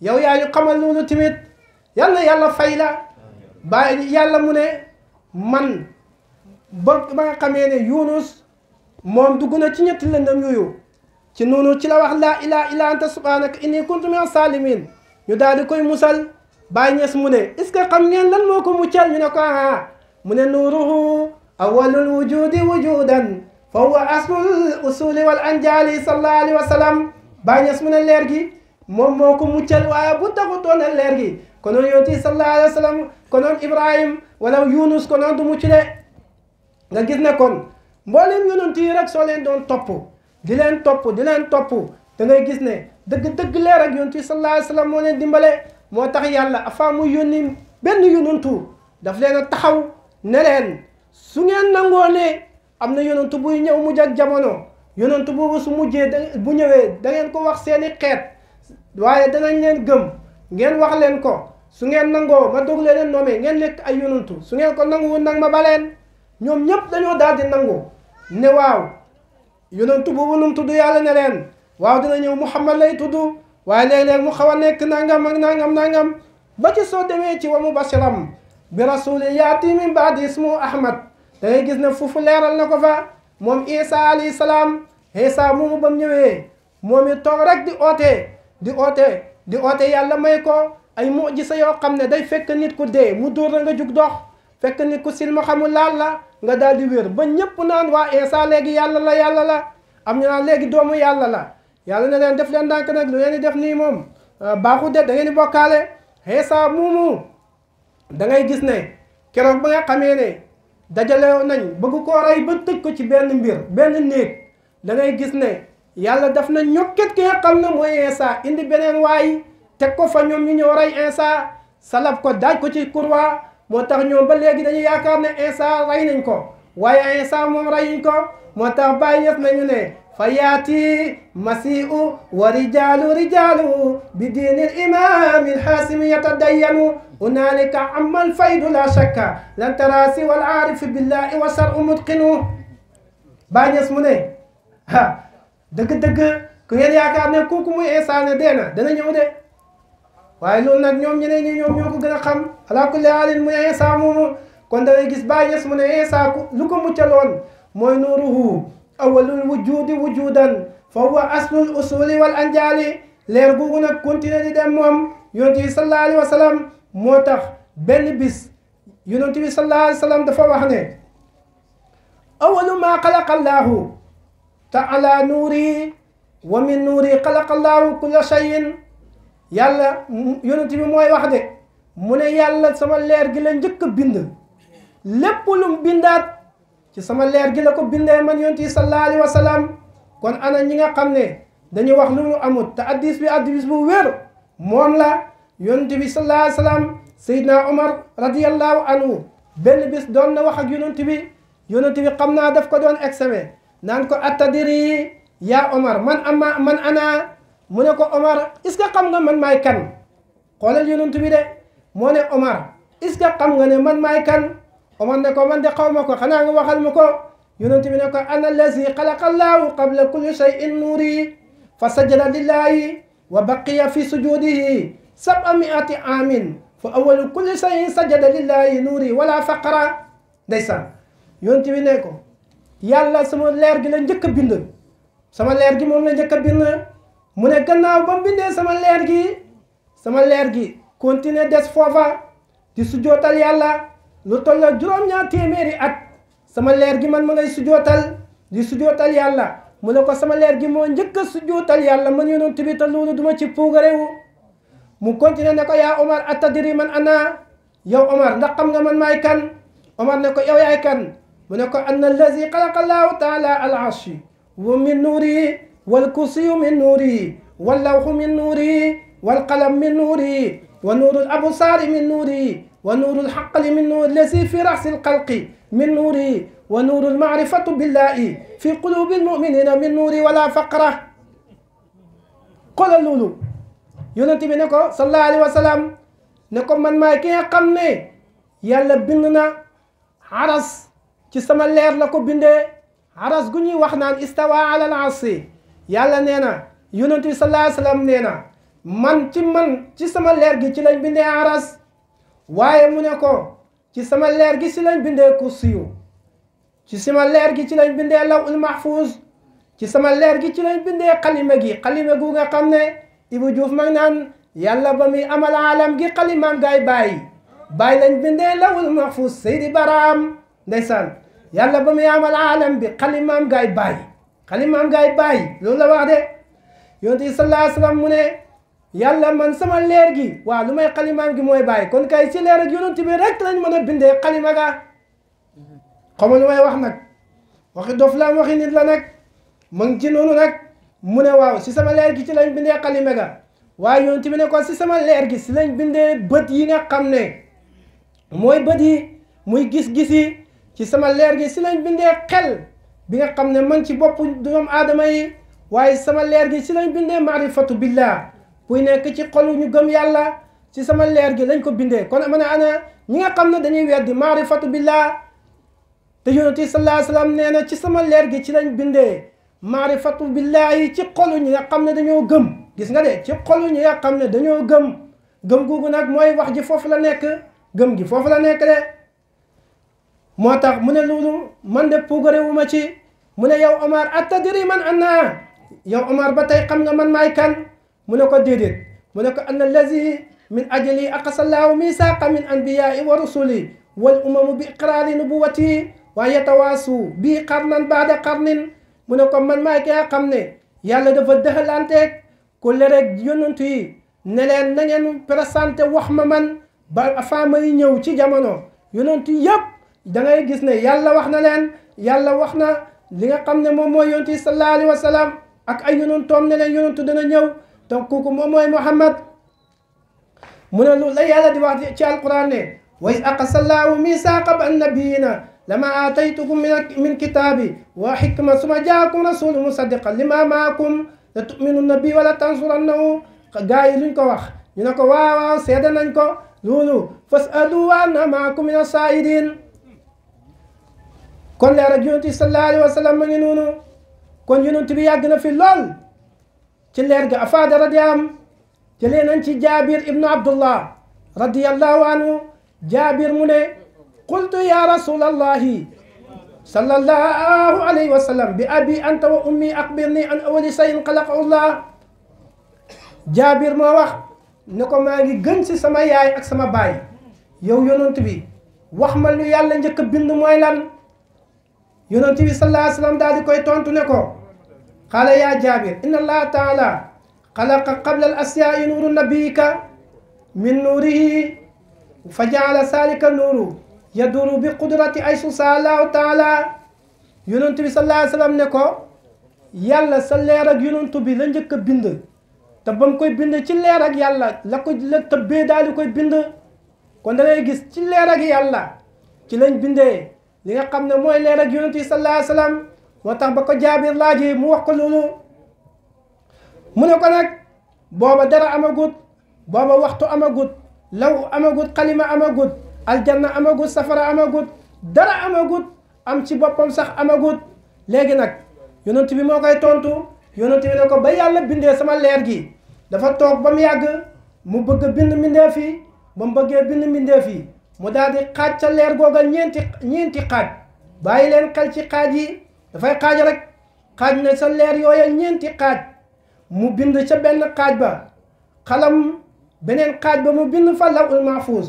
ياو يا يو خمال لولو تيميت يالا يالا فايلا bàyyi yàlla mu ne man ba ba nga ne yunus moom dugg na ci ñetti lëndam yooyu ci noonu ci la wax laa ilaa ilaa anta subhanaka inni kuntu min salimin ñu daal di koy musal bàyyi ñes mu ne est-ce que xam ngeen lan moo ko muccal ñu ne ko aha mu ne nuuruhu awalul wujudi wujudan fa huwa aslul usuli wal anjali sallallahu alayhi wa sallam bàyyi ñes mu ne leer gi moom mooko ko muccal waaye bu taxutoon leer gi konoon yonent bi sallallahu alayhi wa konoon Ibrahim wala Yunus konoon du mucc de nga gis ne kon mboolem yonent yi rek soo leen doon topp di leen topp di leen topp da ngay gis ne dëgg dëgg leer rek yonent yi sallallahu alayhi wasallam moo leen dimbale moo tax yàlla afa mu yónni benn yonentu daf leen a taxaw ne leen su ngeen nangoo am na yonentu buy ñëw mujj ak jamono yonentu boobu su mujjee bu ñëwee da ngeen ko wax seeni xeet waaye danañ leen gëm ngeen wax leen ko su ngeen nangoo ma doog leen noomee ngeen nekk ay yonantu su ngeen ko nanguwul nag ma baleen ñoom ñëpp dañoo daal di nangu ne waaw yonantu boobu nu mu tudd yàlla ne leen waaw dina ñëw Muhammad lay tudd waaye léeg-léeg mu xaw a nekk nangam ak nangam nangam ba ci soo demee ci wa mubashiram bi rasuli yaati min baadi ismu Ahmad da gis ne foofu leeral na ko fa moom Isa alayhi salaam Isa moomu ba mu ñëwee moom it toog rek di oote di oote di oote yàlla may ko. ay sa yoo xam ne day fekk nit ku dee mu dóor la nga jug dox fekk nit ku silma xamul laal la nga daal di wér ba ñëpp naan waa Insa léegi yàlla la yàlla la am ñu naan léegi doomu yàlla la yàlla ne leen def leen ndànk nag lu leen di def nii moom euh, baaxu de da ngeen di bokkaale Insa muumu da gis ne keroog ba nga xamee ne dajale nañ bëgg koo rey ba tëj ko ci benn mbir benn néeg dangay gis ne yàlla daf na ñokket ki nga xam ne mooy Insa indi beneen waay teg ko fa ñoom ñu ñëw rey Insa salab ko daaj ko ci kurwa moo tax ñoom ba léegi dañu yaakaar ne Insa rey nañ ko waaye Insa moom reyuñ ko moo tax Baay Ñas nañu ne fa yaati masii'u wa rijaalu rijaalu bi diini l-imaami l-haasimi yatadayyanu hunaalika amma l-faydu laa shakka lan taraasi wal aarifu billaahi wa shar'u mutqinu Baay Ñas mu ne ha dëgg-dëgg ku ngeen yaakaar ne kooku muy Insa ne dee dana ñëw waaye loolu nag ñoom ñeneen ñi ñoom ñoo ko gën a xam ala kulli mu ne Insa moomu kon dangay gis Baay Ñas mu ne Insa ku lu ko mooy nuuruhu awalul wujudi wujudan fa huwa aslul usuli wal anjaali leer googu nag continuer di dem moom yonent bi sallallahu alayhi moo tax benn bis yonent bi sallallahu alayhi dafa wax ne awalu maa xalaqa allaahu taala nuuri wa nuuri xalaqa allaahu kulla shayin yàlla yonent bi mooy wax de mu ne yàlla sama leer gi la njëkk a bind lépp lum bindaat ci sama leer gi la ko bindee man yonent ti sallallahu wa salaam kon ana ñi nga xam ne dañuy wax lu mu amut te addis bi addis bu weer moom la yonent bi sallallahu alayhi salaam Seydina Omar radiyallahu anhu benn bis doon na wax ak yonent bi yonent bi xam naa def ko doon exame naan ko attadiri yaa Omar man ama man ana mu ko Omar est-ce xam nga man may kan xolal yonent bi de moo Omar est-ce xam nga ne man may kan Omar ne ko man de xaw ma ko xanaa nga waxal mako ko yonent bi ne ko ana allazi khalaqa allah qabla kulli shay'in nuri fa sajada lillahi wa baqiya fi sujudihi sab'a mi'ati amin fa awalu kulli shay'in sajada lillahi nuri wala faqra ndeysaan yonent bi ne ko yàlla sama leer gi la njëkk bindal sama leer gi mom la njëkk bindal mu ne gannaaw ba mu bindee sama leer gi sama leer gi continuer des foofa di sujootal yàlla lu tolloo juróom-ñaar téeméeri at sama leer gi man ma ngay sujootal di sujootal yàlla mu ne ko sama leer gi moo njëkk a sujootal yàlla man yonent bi te loolu duma ci puugarewu mu continuer ne ko yaa Omar atadiri man ana yow Omar ndax xam nga man maay kan Omar ne ko yow yaay kan mu ne ko anna allazi xalaqa taala al arshi wa nuuri والكرسي من نوري واللوح من نوري والقلم من نوري ونور الأبصار من نوري ونور الحقل من نور الذي في رأس القلق من نوري ونور المعرفة بالله في قلوب المؤمنين من نوري ولا فقرة قل اللولو يونتي بنكو صلى الله عليه وسلم نكو من ne ko man maay ki عرس xam ne yàlla bind na aras ci sama leer la yàlla nee na yonent bi sallallahu na man ci man ci sama leer gi ci lañ bindee aras waaye mu ne ko ci sama leer gi ci lañ bindee kursiyu ci sama leer gi ci lañ bindee lawul mahfuz ci sama leer gi ci lañ bindee xalima gi xalima gu nga ne Ibou Diouf mag naan yàlla ba muy amal alam gi xalimaam gaay bàyyi bàyyi lañ bindee lawul mahfuz Seydi Baraam ndeysaan yàlla ba muy amal alam bi xalimaam gaay bàyyi xali maam gaay bàyyi loolu la wax de yonent bi sallallahu alayhi wa mu ne yàlla man sama leer gi waaw lu may xalimaam gi mooy bàyyi kon kay si leer ak yonent bi rek lañ mën a bindee xalima ga xama lu may wax nag waxi dof la waxi nit la nag ma ji ci noonu nag mu ne waaw si sama leer gi ci lañ bindee xalima ga waaye yonent bi ne ko si sama leer gi si lañ binde bët yi nga xam ne mooy bët yi muy gis-gis si ci sama leer gi si lañ binde xel bi nga xam ne man ci bopp doomu aadama yi waaye sama leer gi si lañ bindee maarifatu billah buy nekk ci xolu ñu gëm yàlla ci sama leer gi lañ ko bindee kon ma ne ana ñi nga xam ne dañuy weddi maarifatu billah te yonent bi sallallahu alayhi wasallam nee na ci sama leer gi ci lañ bindee maarifatu billahi ci xolu ñi nga xam ne dañoo gëm gis nga de ci xolu ñi nga xam ne dañoo gëm gëm googu nag mooy wax ji foofu la nekk gëm gi foofu la nekk de moo tax mu ne loolu man de puugare wu ma ci mu ne yow Omar attadiri man anna yow Omar ba tey xam nga man maay kan mu ne ko déedéet mu ne ko anna allazi min ajli aqasa allahu misaqa min anbiyai wa rusuli wal umamu bi iqrari nubuwati wa yatawaasu bi qarnan baada qarnin mu ne ko man maay ki nga xam ne yàlla dafa dëxalanteeg ku lereeg yonantu yi ne leen na ngeen présenté wax ma man ba afaa may ñëw ci jamono yonantu yëpp da ngay gis ne yàlla wax na leen yàlla wax na li nga xam ne moom mooy yonent yi sallallahu alayhi wa sallam ak ay yonentoom ne leen yonentu dana ñëw donc kooku moom mooy Muhammad mu ne lu la yàlla di wax ci alquran ne wa iz aqasa llaahu misaaqa annabiyyiina lamaa aataytukum min kitaabi wa xikma summa jaakum rasuulun musaddiqan limaa maakum la tu'minunna bi wala tansurannahu gaa yi luñ ko wax ñu ne ko waaw waaw seede nañ ko kon leer ak yonent bi sallallahu ma ngi noonu kon yonent bi yàgg na fi lool ci radiam jëlee nañ ci jaabir ibnu abdullah radiallahu anhu jaabir mu ne qultu ya rasulallahi sallallahu alayhi wa bi abi anta wa ummi axbirni an awali sayin xalaqahu llah jaabir moo wax ne ko maa gën si sama yaay ak sama baay yow yonent bi wax ma lu yàlla njëkk bind mooy yonent bi sallallahu alayhi wa di koy tontu ne ko xaala yaa jaabir inna allaha taala xalaqa qabla al asyaai nuuru nabiyika min nuurihi fa jaala saalika nuuru yaduru bi qudrati aysu saallahu taala yonent bi sallallahu alayhi ne ko yàlla sa leer ak yonent la njëkk a bind te ba koy bind ci leer ak yàlla la ko la daal di koy bind kon da gis ci leer ak yàlla ci lañ bindee li nga xam ne mooy leer ak yonent yi sallallahu alayhi wa sallam moo tax ba ko jaabir laajee mu wax ko loolu mu ne ko nag booba dara amagut booba waxtu amagut law amagut xalima amagut aljanna amagut safara amagut dara amagut am ci boppam sax amagut léegi nag yonent bi moo koy tontu yonent bi ne ko ba yàlla bindee sama leer gi dafa toog ba mu yàgg mu bëgg bind mbindeef yi ba mu bëggee bind mbindeef yi mu daal di xaaj ca leer googa ñeenti ñeenti xaaj bàyyi leen xel ci xaaj yi dafay kaaj rek xaaj na sa leer yooya ñeenti xaaj mu bind ca benn xaaj ba xalam beneen kaaj ba mu bind fa lawul mahfuus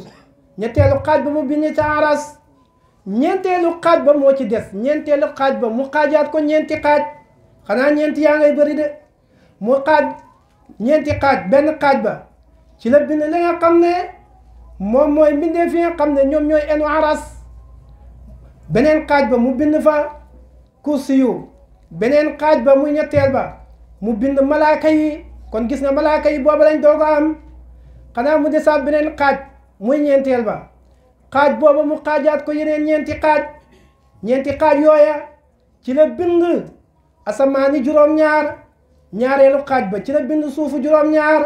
ñetteelu xaaj ba mu bind ca aras ñeenteelu xaaj ba moo ci des ñeenteelu xaaj ba mu xaajaat ko ñeenti xaaj xanaa ñeenti yaa ngay bëri de mu xaaj ñeenti xaaj benn xaaj ba ci la bind li nga xam ne moom mooy mbindee fi nga xam ne ñoom ñooy enu aras beneen xaaj ba mu bind fa kursi beneen xaaj ba muy ñetteel ba mu bind malaaka yi kon gis nga malaaka yi booba lañ doog a am xanaa mu desaat beneen xaaj muy ñeenteel ba xaaj booba mu xaajaat ko yeneen ñeenti xaaj ñeenti xaaj yooya ci la bind asamaani juróom-ñaar ñaareelu xaaj ba ci la bind suufu juróom-ñaar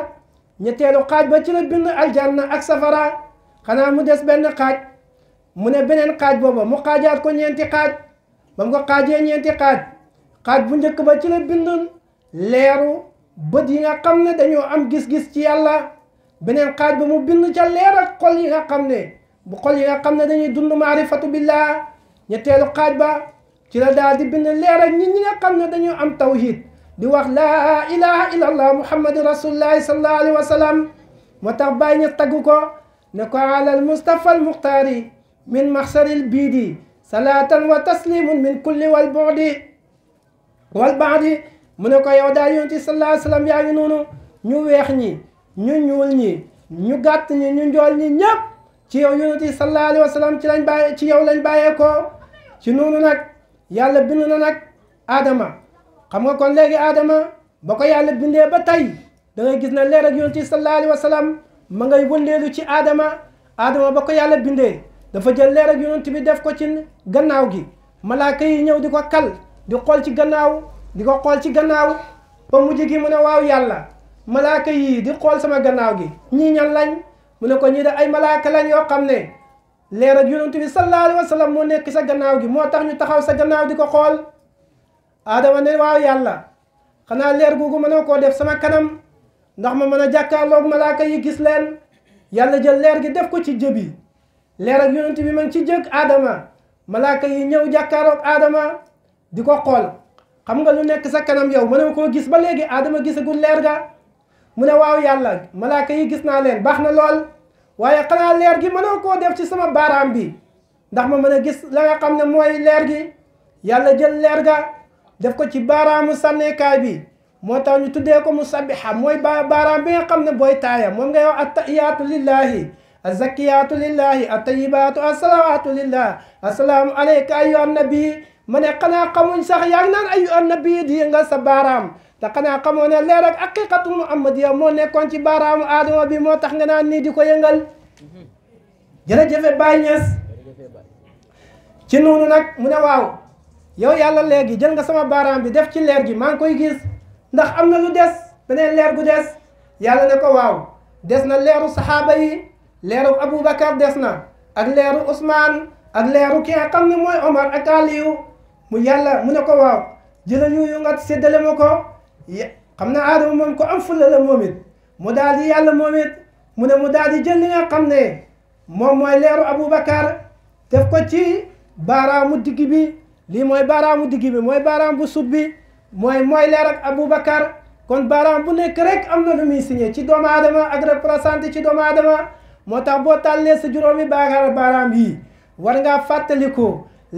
ñetteelu xaaj ba ci la bind aljanna ak safara xanaa mu des benn xaaj mu ne beneen xaaj boobu mu xaajaat ko ñeenti xaaj ba mu ko xaajee ñeenti xaaj bu njëkk ba ci la bind leeru bët yi nga xam ne dañoo am gis-gis ci yàlla beneen xaaj ba mu bind ca leer ak yi nga xam ne bu xol yi nga xam ne dañuy dund maarifatu billah ñetteelu xaaj ba ci la daal di bind leer ak nit ñi nga xam ne dañoo am tawhid di wax la ilaha illallah muhammadu rasulullahi sallallahu alayhi wa sallam moo tax bàyyi ñu ko ne ko alal mustafa al muxtaari min mahsar al bidi salatan wa taslimun min kulli wal bu'di wal ba'di mu ko yow daal yonti sallallahu alaihi wasallam ya ngi nonu ñu wex ñi ñu ñuul ñi ñu gàtt ñi ñu ndol ñi ñépp ci yow yonti sallallahu alaihi wasallam ci lañ baye ci yow lañ baye ko ci nonu nak yàlla bindu na nak adama xam nga kon léegi aadama ba ko yàlla bindee ba tey da gis na leer ak yonent bi sallallahu alayhi ma ngay wëndeelu ci aadama aadama ba ko yàlla bindee dafa jël leer ak yonent bi def ko ci gannaaw gi malaaka yi ñëw di ko kal di xool ci gannaaw di ko xool ci gannaaw ba mujj gi mu waaw yàlla malaaka yii di xool sama gannaaw gi ñii ñan lañ mu ne ko ñii da ay malaaka lañ yoo xam ne leer ak yonent bi sallallahu alayhi wa sallam moo nekk sa gannaaw gi moo tax ñu taxaw sa gannaaw di ko xool Adama ne waaw yàlla xanaa leer googu mënoo koo def sama kanam ndax ma mën a jàkkaarloog malaaka yi gis leen yàlla jël leer gi def ko ci jëbi leer ak yonent bi ma ci jëkk Adama malaaka yi ñëw jàkkaaroog Adama di ko xool xam nga lu nekk sa kanam yow mënoo koo gis ba léegi Adama gisagul leer ga mu ne waaw yàlla malaaka yi gis naa leen baax na lool waaye xanaa leer gi mënoo koo def ci sama baaraam bi ndax ma mën a gis la nga xam ne mooy leer gi yàlla jël leer ga. def ko ci baaraamu sànneekaay bi moo tax ñu tuddee ko mu sabiha mooy baaraam bi nga xam ne booy taaya moom ngay wax attahiyaatu lillahi azakiyaatu lillahi attayibaatu asalawaatu lillah asalaamu aleyka ayu annabi ma ne xanaa xamuñ sax yaa ngi naan ayu annabi di nga sa baaraam te xanaa xamoo ne leer ak aqiqatu muhammadiya moo nekkoon ci baaraamu aadama bi moo tax nga naan nii di ko yëngal mm-hmm. jërëjëfe Baay Ñas ci noonu nag mu ne waaw yow yàlla léegi jël nga sama baaraam bi def ci leer gi maa ngi koy gis ndax am na lu des beneen leer gu des yàlla ne ko waaw des na leeru saxaaba yi leeru Aboubacar des na ak leeru Ousmane ak leeru ki nga xam ne mooy Omar ak mu yàlla mu ne ko waaw jëlal ñu nga séddale ma ko xam na Adama moom ko am fulla la moom mu daal di yàlla moom it mu ne mu daal di jël li nga xam ne moom mooy leeru Aboubacar def ko ci baaraamu digg bi. lii mooy baaraamu digg bi mooy baaraam bu sut bi mooy mooy leer ak Aboubacar kon baaraam bu nekk rek am na lu muy ci doomu aadama ak représenté ci doomu aadama moo tax boo tàllee sa juróomi baaraam baaraam yi war ngaa fàttaliku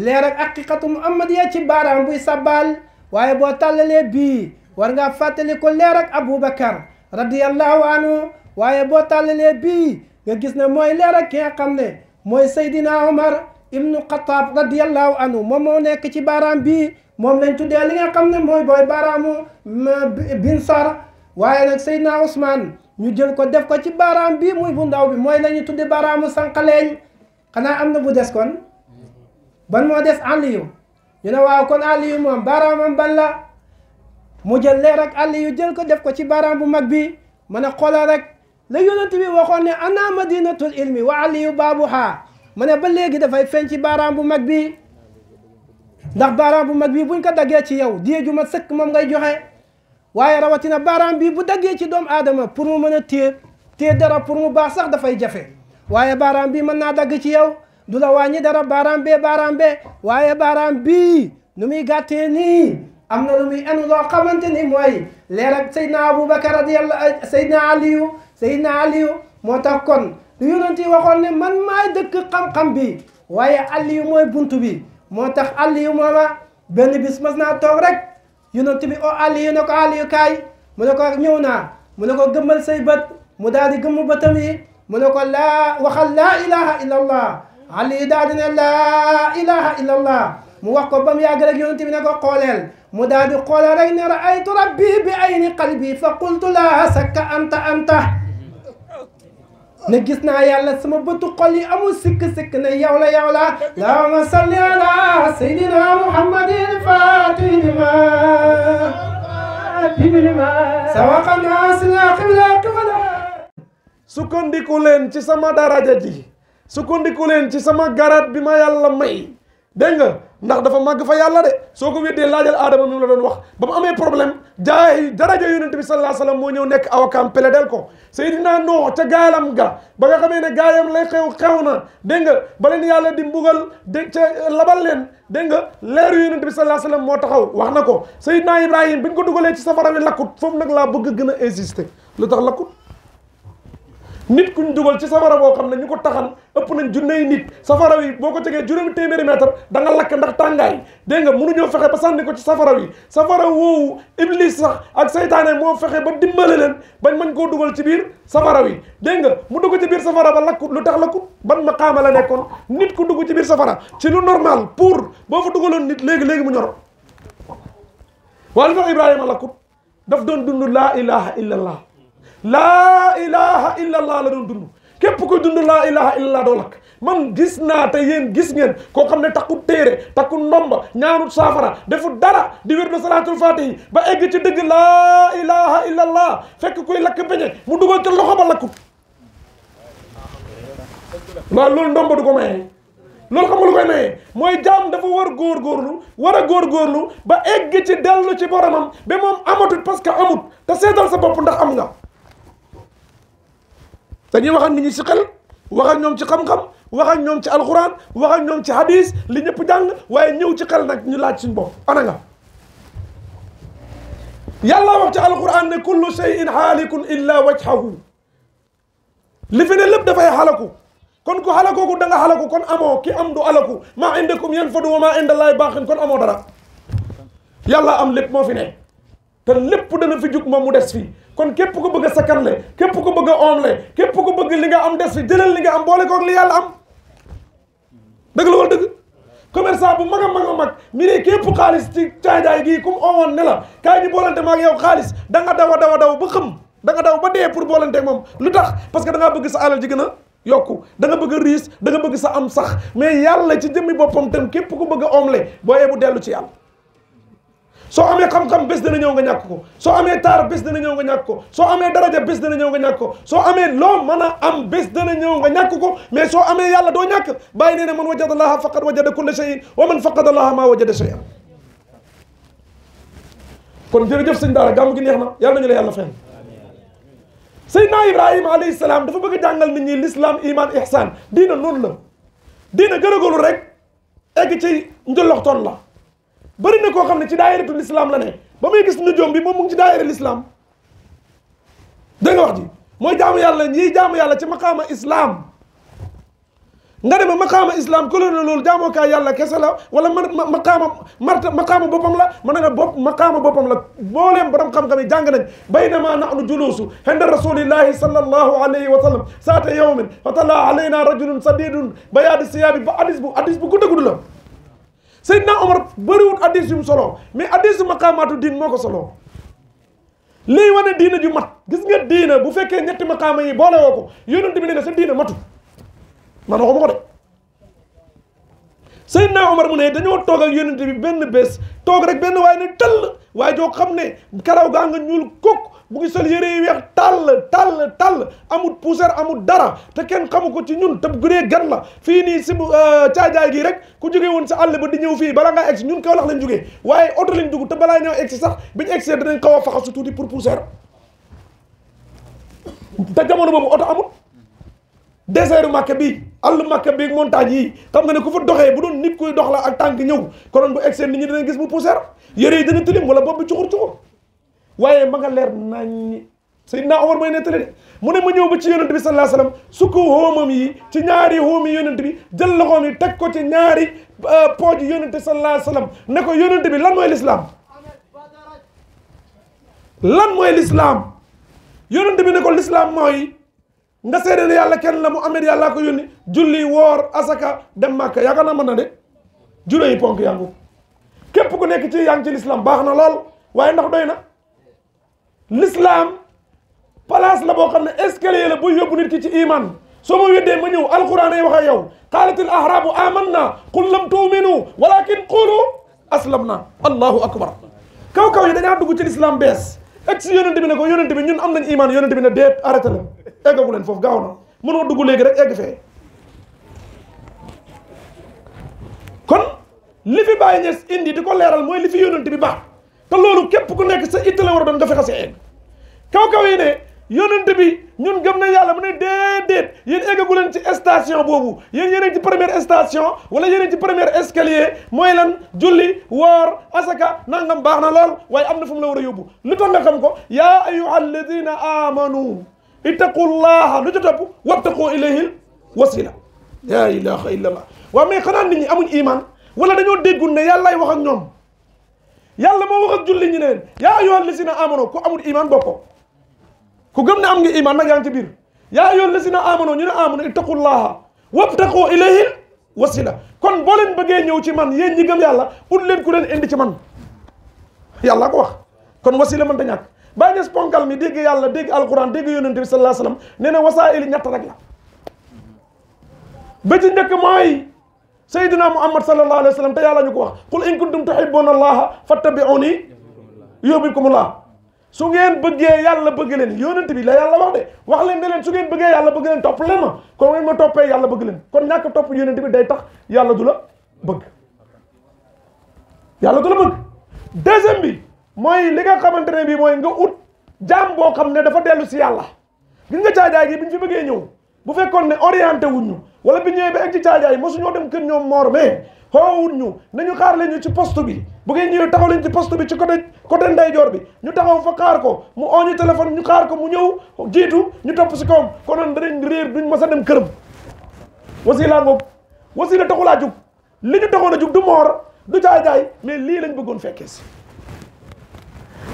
leer ak aqiqatu muhammadiya ci baaraam buy sabbaal waaye boo tàllalee bii war ngaa fàttaliku leer ak Aboubacar radiyallahu anhu waaye boo tàllalee bii nga gis ne mooy leer ak ki nga xam ne mooy Seydina Omar. ابن قطاب رضي الله عنه مومو نيك سي بارام بي موم لن تودي ليغا خامني موي بوي بارامو بن سار وايي نك سيدنا عثمان ني جيل كو ديف كو سي بارام بي موي بو نداو بي موي لا ني تودي بارامو سانخالين خنا امنا بو ديس كون بان مو ديس عليو ني كون عليو موم بارامام بان لا مو جيل عليو جيل كو ديف كو بو ماك بي مانا لا يونت بي واخون ني انا مدينه العلم وعلي بابها mu ne ba léegi dafay feeñ ci baaraam bu mag bi ndax baaraam bu mag bi bu ko daggee ci yow diye ju mat sëkk moom ngay joxe waaye rawatina baaraam bi bu daggee ci doom aadama pour mu mën a téye téye dara pour mu baax sax dafay jafe waaye baaraam bi mën naa dagg ci yow du la wàññi dara baaraam bee baaraam bee waaye baaraam bii nu muy gàttee nii am na lu muy enu loo xamante ni mooy leer ak Seydina Aboubacar radiyallahu Seydina Aliyu Seydina Aliyu moo tax kon yonent yi waxoon ne man maay dëkk xam-xam bi waaye àll yu mooy bunt bi moo tax àll yu mooma benn bis mas naa toog rek yonent bi oo àll yu ne ko àll yu kaay mu ne ko ñëw naa mu ne ko gëmmal say bët mu daal di gëmm bëtam yi mu ne ko laa waxal laa ilaha illa allah àll yu daal di ne laa ilaha illa allah mu wax ko ba mu yàgg rek yonent bi ne ko xooleel mu daal di xooleel rek ne raaytu rabbi bi ayni qalbi fa qultu laa sakka anta anta ne gis naa yàlla sama bëtu xol yi amul sikk-sikk ne yow la la allahumma salli ala sayyidina muhammadin fatih lima fatih lima sawaqa naas la qibla qibla sukkandiku leen ci sama daraja ji sukkandiku leen ci sama garat bi ma yàlla may dégg ndax dafa màgg fa yàlla de soo ko weddee laajal aadama mi la doon wax ba mu amee problème jaay daraja yonente bi sallallahu alayhi wasallam moo ñëw nekk awakaam peledel ko naa Nuux ca gaalam ga ba nga xamee ne gaayam lay xew xew na dégg nga ba leen yàlla di mbugal ca labal leen dégg nga leeru yonente bi sallallahu alayhi wasallam moo taxaw wax na ko Seydina Ibrahim bi ñu ko dugalee ci safara wi lakkut foofu nag laa bëgg gën a insister lu tax lakkut nit kuñ duggal ci safara bo xamne ñuko taxal ëpp nañ junney nit safara wi boko ko juroom téméré mètre da nga lak ndax tangay dégg nga ñoo fexé ba ko ci safara wi safara woowu iblis sax ak saytaane mo fexé ba dimbalé len bañ mañ ko duggal ci biir safara wi dégg nga mu dugg ci biir safara ba lak lu tax ban maqama la nekkon nit ku dugg ci biir safara ci lu normal pour bo fa duggalon nit légui légui mu ñor waa lu tax daf doon dund la ilaha illallah laa ilaha illallah la doon dund képp kuy dund laa ilaha illallah doo lakk man gis naa te yéen gis ngeen koo xam ne takku téere takku ndomba ñaanut saafara defu dara di wér de salaatul faatihi ba egg ci dëgg laa ilaha illallah fekk kuy lakk beñe mu dugal ca loxo ba lakkut waaw loolu ndomba ko maye loolu xam nga lu koy maye mooy jaam dafa war góor góorlu war a góorlu ba egg ci dellu ci boromam ba moom amatut parce que amut te seetal sa bopp ndax am nga dañuy wax ak nit ñi ci xel wax ak ñoom ci xam-xam wax ak ñoom ci alxuraan wax ak ñoom ci hadis li ñëpp jàng waaye ñëw ci xel nag ñu laaj suñu bopp ana nga yàlla wax ci alxuraan ne kullu shay'in xaalikun illa wajhahu li fi ne lépp dafay xalaku kon ku xalakooku da nga xalaku kon amoo ki am du alaku maa indakum yanfadu wa maa inda llaahi baaqin kon amoo dara yàlla am lépp moo fi ne te lépp dana fi jug moom mu des fii kon képp ko bëgg a le képp ko bëgg a omle képp ko bëgg li nga am des fi jëlal li nga am boole koog li yàlla am dëgg la wala dëgg commerçant bu mag a mag a mag mi ne képp xaalis ci caay gii comme owoon ne la kaay ñu boolante maag yow xaalis da nga daw a daw a daw ba xëm da nga daw ba dee pour boolante ak moom lu tax parce que da bëgg sa alal ji gën a yokku da nga bëgg riis da nga bëgg sa am sax mais yàlla ci jëmmi boppam tam képp ko bëgg a omle boo dellu ci yàlla so amé xam-xam bés dina ñëw nga ñàkk ko so amé tar bés dina ñëw nga ñàkk ko soo amee daraja bés dina ñëw nga ñàkk ko so amé lo mën am bés dina ñëw nga ñàkk ko mais so amé yàlla do ñàkk bay nee man wajada allah faqad wajada kull shay wa man faqada allah ma wajada shay kon jef sëñ dara gam gi neex na yàlla ñu la yàlla fenn Seydina Ibrahima alayhi salaam dafa bëgg a jàngal nit ñi l'islam iman ihsan diina noonu la diina gërëgolu rek egg ci njëlloxtoon la bëri na koo xam ne ci daayiratul islam la ne ba muy gis nu joom bi moom mu ngi ci daayiratul islam dégg nga wax ji mooy jaamu yàlla ñiy jaamu yàlla ci maqaama islaam nga dem maqaama islam ku la loolu jaamookaay yàlla kese la wala ma maqaama marta maqaama boppam la mën na nga bopp maqaama boppam la mbooleem borom xam-xam yi jàng nañ baynama nahnu juluusu inda rasulillahi sallallahu alayhi wa sallam saata yawmin fa tala alayna rajulun sadidun bayaadi siyaabi ba addis bu addis bu gudda gudd la Seydina Omar bëriwut addis yu mu solo mais addisu maqaamaatu diin moo ko solo lii wane diina ju mat gis nga diina bu fekkee ñetti maqaama yi boole woo ko yonent bi ne sa diina matu man waxuma ko de Seydina Omar mu ne dañoo toog ak yonent bi benn bés toog rek benn waaye ne tëll waaye joo xam ne karaw gaa nga ñuul kukk mu ngi sol yére yi weex tàll tàll tàll amul poussière amul dara te kenn xamu ko ci ñun te bu dee gan la fii nii si euh, caajaay gi rek ku jógee woon sa àll ba di ñëw fii bala ngaa egsi ñun Kaolack lañ jógee waaye oto lañ dugg te balaa ñëw egsi sax biñ egsee danañ xaw a faxasu tuuti pour poussière te jamono boobu oto amul désert Makka bi àll Makka bi montagne yi xam nga ne ku fa doxee bu doon nit kuy dox la ak tànk ñëw konoon bu egsee nit ñi gis mu poussière yére yi dana tilim wala boobu cuxur cuxur waaye ma nga leer nañ Seydina Omar mooy nettali mu ne ma ñëw ba ci yonent bi sallallahu alayhi wasallam sukk hoomam yi ci ñaari hoom yi yonent bi jël loxoom yi teg ko ci ñaari euh, pooj yi yonent bi ne ko yonent bi lan mooy lislaam lan mooy lislaam yonent bi ne ko lislaam mooy nga seede ne yàlla kenn la Muhammad yàllaa ko yónni julli woor asaka dem màkka yaakaar naa mën na de juróomi ponk yangu képp ku nekk ci yang ci lislaam baax na lool waaye ndax na l'islam place la boo xam ne escalier la buy yóbbu nit ki ci iman soo ma weddee ma ñëw alquran day wax ak yow qaalatil ahrabu amanna qul lam tu'minu walakin qulu aslamna allahu akbar kaw kaw yi dañaa dugg ci l'islam bees ak si yonente bi ne ko yonente bi ñun am nañ iman yonente bi ne déet arrêté la eggagu leen foofu gaaw na mënoo dugg léegi rek egg fee kon li fi bàyyi ñes indi di ko leeral mooy li fi yonente bi baax te loolu képp ku nekk sa itte la war a doon nga fexe sa egg kaw-kaw yi ne yonent bi ñun gëm na yàlla mu ne déedéet yéen eggagu leen ci station boobu yéen yéen ci première station wala yéen ci première escalier mooy lan julli woor asaka nangam baax na lool waaye am na fu mu la war a yóbbu lu tax nga xam ko yaa ayuha alladina amanu ittaqullaha lu ca topp wattaqoo ilayhil wasila la ilaha illa allah waaw mais xanaa nit ñi amuñ iman wala dañoo déggul ne yàllaay wax ak ñoom yàlla moo wax ak julli ñi ne leen yaa ayyuhal lazina amanu ku amul iman bokkoo ku gëm ne am nga iman nag yaa ngi ci biir yaa ayyuhal lazina amanu ñu ne amanu ittaqullaha wabtaqu ilayhil wasila kon boo leen bëggee ñëw ci man yéen ñi gëm yàlla ut leen ku leen indi ci man yàlla ko wax kon wasila mënta ñàkk bàyyi des ponkal mi dégg yàlla dégg alquran dégg yonente bi sallallahu alayhi wasallam nee na wasaa'il ñett rek la ba ci njëkk mooy sayyidina muhammad sallallahu alayhi wa sallam te yàlla ñu ko wax qul in kuntum tuhibbuna allaha fattabi'uni yuhibbukumullah su ngeen bëggee yàlla bëgg leen yonent bi la yàlla wax de wax leen ne leen su ngeen bëggee yàlla bëgg leen topp leen ma kon ngeen ma toppee yàlla bëgg leen kon ñàkk topp yonent bi day tax yàlla du la bëgg yàlla du la bëgg deuxième mooy li nga xamante ne bi mooy nga ut jaam boo xam ne dafa dellu si yàlla gis nga caajaay gi bi ñu bëggee ñëw bu fekkoon ne orienté wuñu wala bi ñëwee ba egg ci caajaay mosuñoo dem kër ñoom moor mais xoowut ñu nañu xaar leen ñu ci poste bi bu ngeen ñëwee taxaw leen ci poste bi ci côté côté ndeyjoor bi ñu taxaw fa xaar ko mu oo ñu téléphone ñu xaar ko mu ñëw jiitu ñu topp si ko kawam konoon danañ réer duñ mës a dem këram wasiila ngoog wasiila taxulaa jug li ñu taxoon a jug du moor du caajaay mais lii lañ bëggoon fekkee si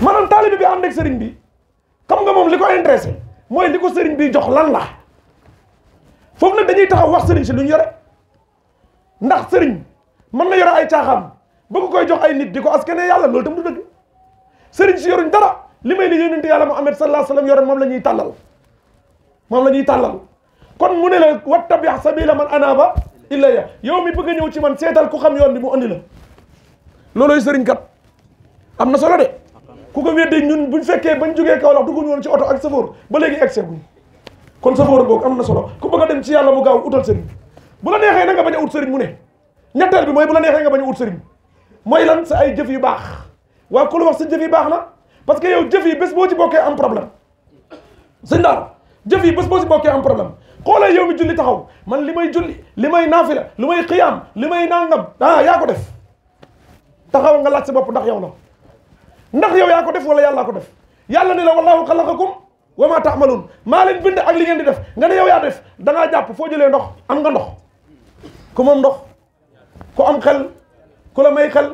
maanaam taalibe bi am ak sëriñ bi xam nga moom li ko intéressé mooy li ko sëriñ bi jox lan la foofu nag dañuy taxaw wax sëriñ si lu yore ndax sëriñ mën na yore ay caaxaam bëgg koy jox ay nit di ko askane yàlla loolu tam du dëgg sëriñ si yoruñ dara li may li ti yàlla Muhammad sallallahu alayhi wa sallam yore moom la ñuy tàllal moom la ñuy tàllal kon mu ne la wattabi sabila man anaba ilayya yow mi bëgg a ñëw ci man seetal ku xam yoon bi mu andi la looloy sëriñ kat am na solo de ku ko weddi ñun buñ fekkee bañ jógee Kaolack dugguñu woon ci oto ak safoor ba léegi egg guñ kon safara boog am na solo ku bëgg dem ci yàlla mu gaaw utal sëriñ bu la neexee na nga bañ a ut sëriñ mu ne ñetteel bi mooy bu la neexee nga bañ a ut sëriñ mooy lan sa ay jëf yu baax waaye ku wax sa jëf yi baax na parce que yow jëf yi bés boo ci bokkee am problème sëñ daara jëf yi bés boo ci bokkee am problème xoolee yow mi julli taxaw man li may julli li may naafila li may xiyaam li may nangam ah yaa ko def taxaw nga laaj sa bopp ndax yow la ndax yow yaa ko def wala yàllaa ko def yàlla ne wama ta'malun ma len bind ak li ngeen di def nga ne yow ya def da nga japp fo jele ndox am nga ndox ku mom ndox ku am xel ku la may xel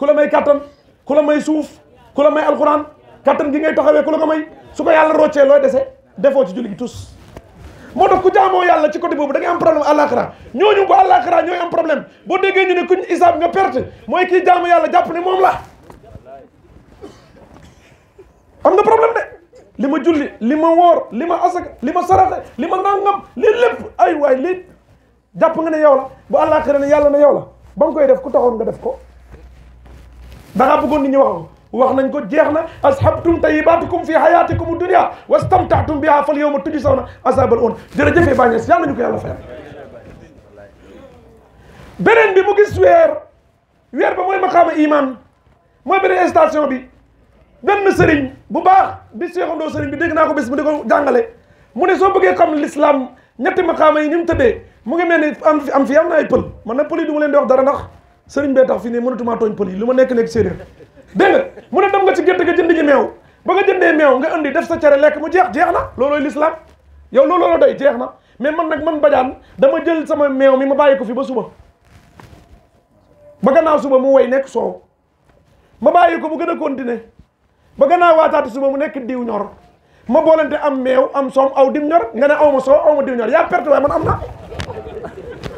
ku la may katan ku la may suuf ku la may alquran katan gi ngay taxawé ku la may su ko yàlla roccee looy dese defoo ci julli gi tous mo tax ku jamo yalla ci côté bobu da ngay am problème àllaaxira ñooñu ko àllaaxira ñoy am problème bo déggé ñu ne kuñu isab nga perte moy ki jamo yalla japp ni mom la am nga problème de li ma julli li ma woor li ma asaka li ma saraxe li ma nangam li lépp ay waay lii jàpp nga ne yow la bu àllaaxira yàlla na yow la koy def ku taxoon nga def ko dangaa bëggoon nit ñi wax wax nañ ko jeex na ashabtum tayibaatikum fi hayatikum dunia wastamtaatum biha fal yawma tujsawna asabal un jërëjëfee bàññees yàlla ñu ko yàlla fayal beneen bi mu gis weer weer ba mooy maqaama iman mooy beneen station bi ben serigne bu baax cheikh ndo serigne bi deg na ko bis bu di jangale mu ne so beugé xam l'islam ñetti maqama yi ni mu mu ngi melni am fi am fi am na ay pël man na pël yi du ma leen di wax dara nak serigne bee tax fi ne mënatumaa tooñ pël yi luma nek nek nekk deug mu ne dem nga ci gétt ga jënd ji meew ba nga jëndé meew nga andi def sa lek mu jeex jeex na lolo l'islam yow lolo la doy jeex na mais man nak man badian dama jël sama meew mi ma bayé ko fi ba suba ba gannaaw suba mu way nek so ma ko ba gannaaw waataati suba mu nekk diw ñor ma boolante am meew am soom aw dim ñor nga ne aw ma soow aw ma diw ñor yaa perte waaye man am na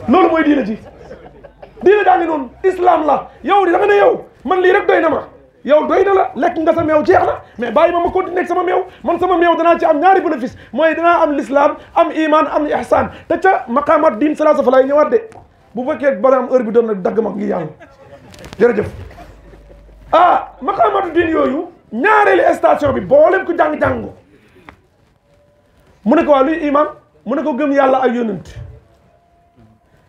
loolu mooy diina ji diina daa ngi noonu islam la yow di da ne yow man lii rek doy na ma yow doy na la lekk nga sa meew jeex na mais bàyyi ma ma continuer sama meew man sama meew danaa ci am ñaari bénéfice mooy danaa am l'islam am iman am ihsan te ca maqamat diin salaasa fa laay ñëwaat de bu fekkee bari am heure bi doon na dagg mag ngi yàlla jërëjëf ah maqaamatu diin yooyu ñaareelu station bi boolem ko jàng-jàng ko mu ne ko waa luy iman mu ne ko gëm yàlla ak yonent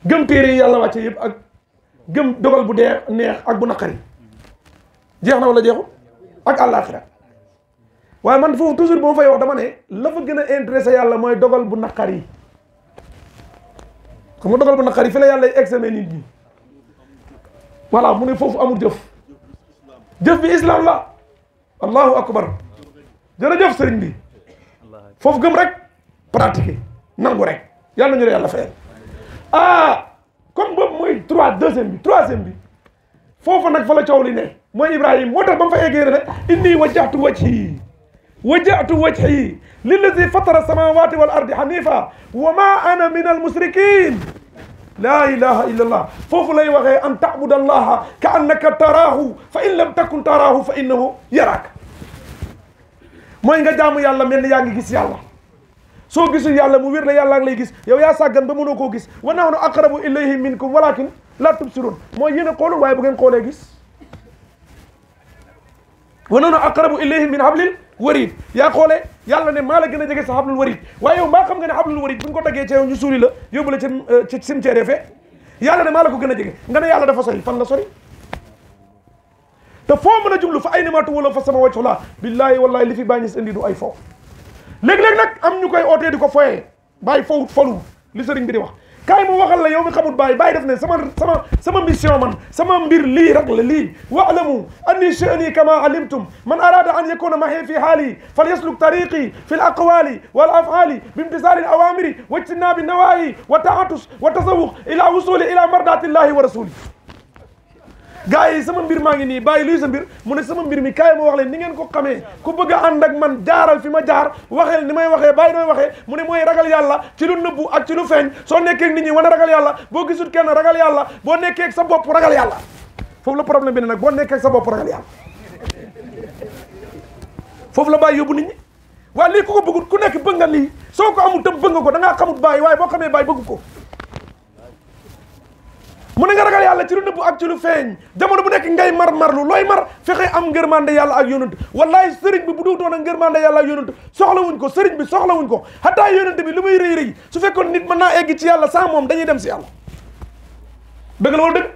gëm téere yàlla wàcce yëpp ak gëm dogal bu dee neex ak bu naqari jeex na walla jeexu ak àllaaxira waaye man foofu toujours boo fay wax dama ne la fa gën a interese yàlla mooy dogal bu naqari xam nga dogal bu naqari fi la yàlla examen nit ñi mu ne foofu amul jëf jëf bi islam la allahu akbar jërëjëf sëriñ bi foofu gëm rek pratiquer nangu rek yàlla ñu ne yàlla fayal ah comme boobu mooy trois deuxième bi troisième bi foofu nag fa la coow li ne mooy Ibrahima moo tax ba mu fa eggee ne inni wajjahtu wajhi wajjahtu wajhi lillazi fatara samawati wal ardi hanifa wa ma ana min al musrikin laa ilaha illa allah foofu lay waxee an taabud allaha ka annaka taraahu fa in lam takun taraahu fa innahu yaraak mooy nga jaamu yàlla mel ni yaa ngi gis yàlla soo gisul yàlla mu wér la yàlla ngi lay gis yow yaa sàggan ba mënoo koo gis wa nahnu aqrabu ilayhi minkum walakin laa tubsiruun mooy yéen a xoolul waaye bu ngeen xoolee gis wa nahnu aqrabu ilayhi min hablil warid yaa xoolee yàlla ne maa la gën a jege sa xablul warit waaye yow maa xam nga ne xablul warit bu ñu ko daggee ca yow ñu suuli la yóbbu la ca euh, ca fee yàlla ne maa la ko gën a jege nga ne yàlla dafa sori fan la sori te foo mën a jublu fa ay nematu wala fa sama wàccu laa billaahi wallaahi li fi bàyyi ñis indi du ay fo léeg-léeg nag am ñu koy ootee di ko foyee bàyyi fowut folu li sëriñ bi di wax كاي مو واخال لا يوم خمول باي باي دافني سما سما سما ميسيون مان سما مبير لي رك لي واعلموا اني شاني كما علمتم من اراد ان يكون معي في حالي فليسلك طريقي في الاقوال والافعال بانتظار الاوامر واجتناب النواهي والتعطش والتسوق الى وصولي الى مرضات الله ورسوله gars yi sama mbir maa ngi nii bàyyi luy sa mbir mu ne sama mbir mi kaay ma wax leen ni ngeen ko xamee ku bëgg a ànd ak man jaaral fi ma jaar waxeel ni may waxee bàyyi nooy waxee mu ne mooy ragal yàlla ci lu nëbbu ak ci lu feeñ soo nekkee nit ñi wane ragal yàlla boo gisul kenn ragal yàlla boo nekkee sa bopp ragal yàlla foofu la problème bi ne nag boo nekkee sa bopp ragal yàlla foofu la bàyyi yóbbu nit ñi waaye lii ku ko bëggut ku nekk bëgg nga lii soo ko amul tam bëgg ko da ngaa xamut bàyyi waaye boo xamee bàyyi bëgg ko mu ne nga ragal yàlla ci lu nekk ngay mar marlu looy mar fexe am ngërmande yàlla ak yonent wallahi sëriñ bi bu duutoon ak ngërmande yàlla ak yonent soxlawuñ ko sëriñ bi soxlawuñ ko xataa yonent bi lu muy rëy rëy su fekkoon nit mën naa egg ci yàlla sans moom dañuy dem si yàlla dëgg la wala dëgg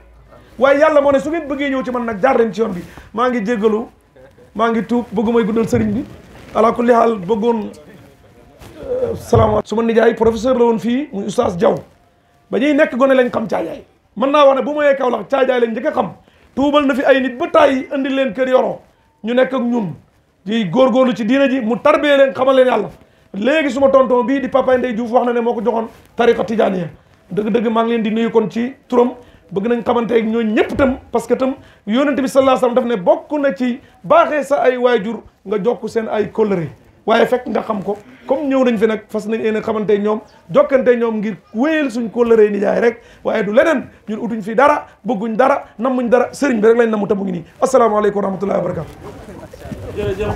waaye yàlla moo ne su ngeen bëggee ñëw ci man nag jaar leen ci yoon bi maa ngi jéggalu maa ngi tuub bëggumay guddal sëriñ bi ala kulli haal bëggoon euh, salaamaaleykum su ma nijaay professeur la woon fii muy oustaz ba ñuy nekk gone lañ xam caajaay mën naa wax ne bu mayee Kaolack caajaay leen njëkk xam tuubal na fi ay nit ba tàyyi indi leen kër yoro ñu nekk ak ñun di góorlu ci diina ji mu tarbee leen xamal leen yàlla léegi suma tonton bii di papa Ndey Diouf wax na ne moo ko joxoon tariqa tijaaniya dëgg-dëgg maa ngi leen di nuyu kon ci turam bëgg nañ xamante ak ñooñu ñëpp itam parce que itam yonente bi sallallahu alayhi wasallam daf ne bokk na ci baaxee sa ay waajur nga jokk seen ay kóllëre waaye fekk nga xam ko comme ñëw nañ fi nag fas nañ yéen a xamante ñoom jokkante ñoom ngir wéyal suñ kóllëre nijaay rek waaye du leneen ñun utuñ fi dara bëgguñ dara nam nammuñ dara sëriñ bi rek lañ namu ta mu ngi nii asalaamaaleykum wa rahmatullahi wa barakatu jërëjëf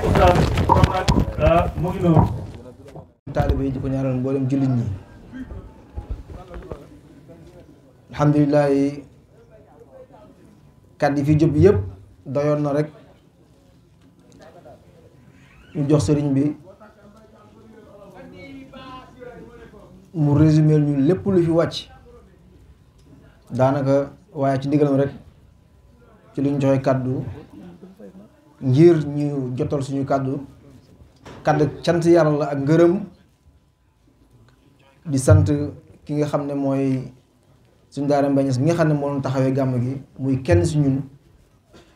ah, jullit ñi alhamdulilah kàddu yi fi jub yëpp doyoon na rek ñu jox sëriñ bi mu résumé ñu lépp lu fi wàcc daanaka waaye ci ndigalam rek ci lu ñu joxe kàddu ngir ñu jotal suñu kàddu kàddu cant yaram la ak ngërëm di sant ki nga xam ne mooy suñu daara Mbaye Niass nga xam ne moo taxawee gàmm gi muy kenn si ñun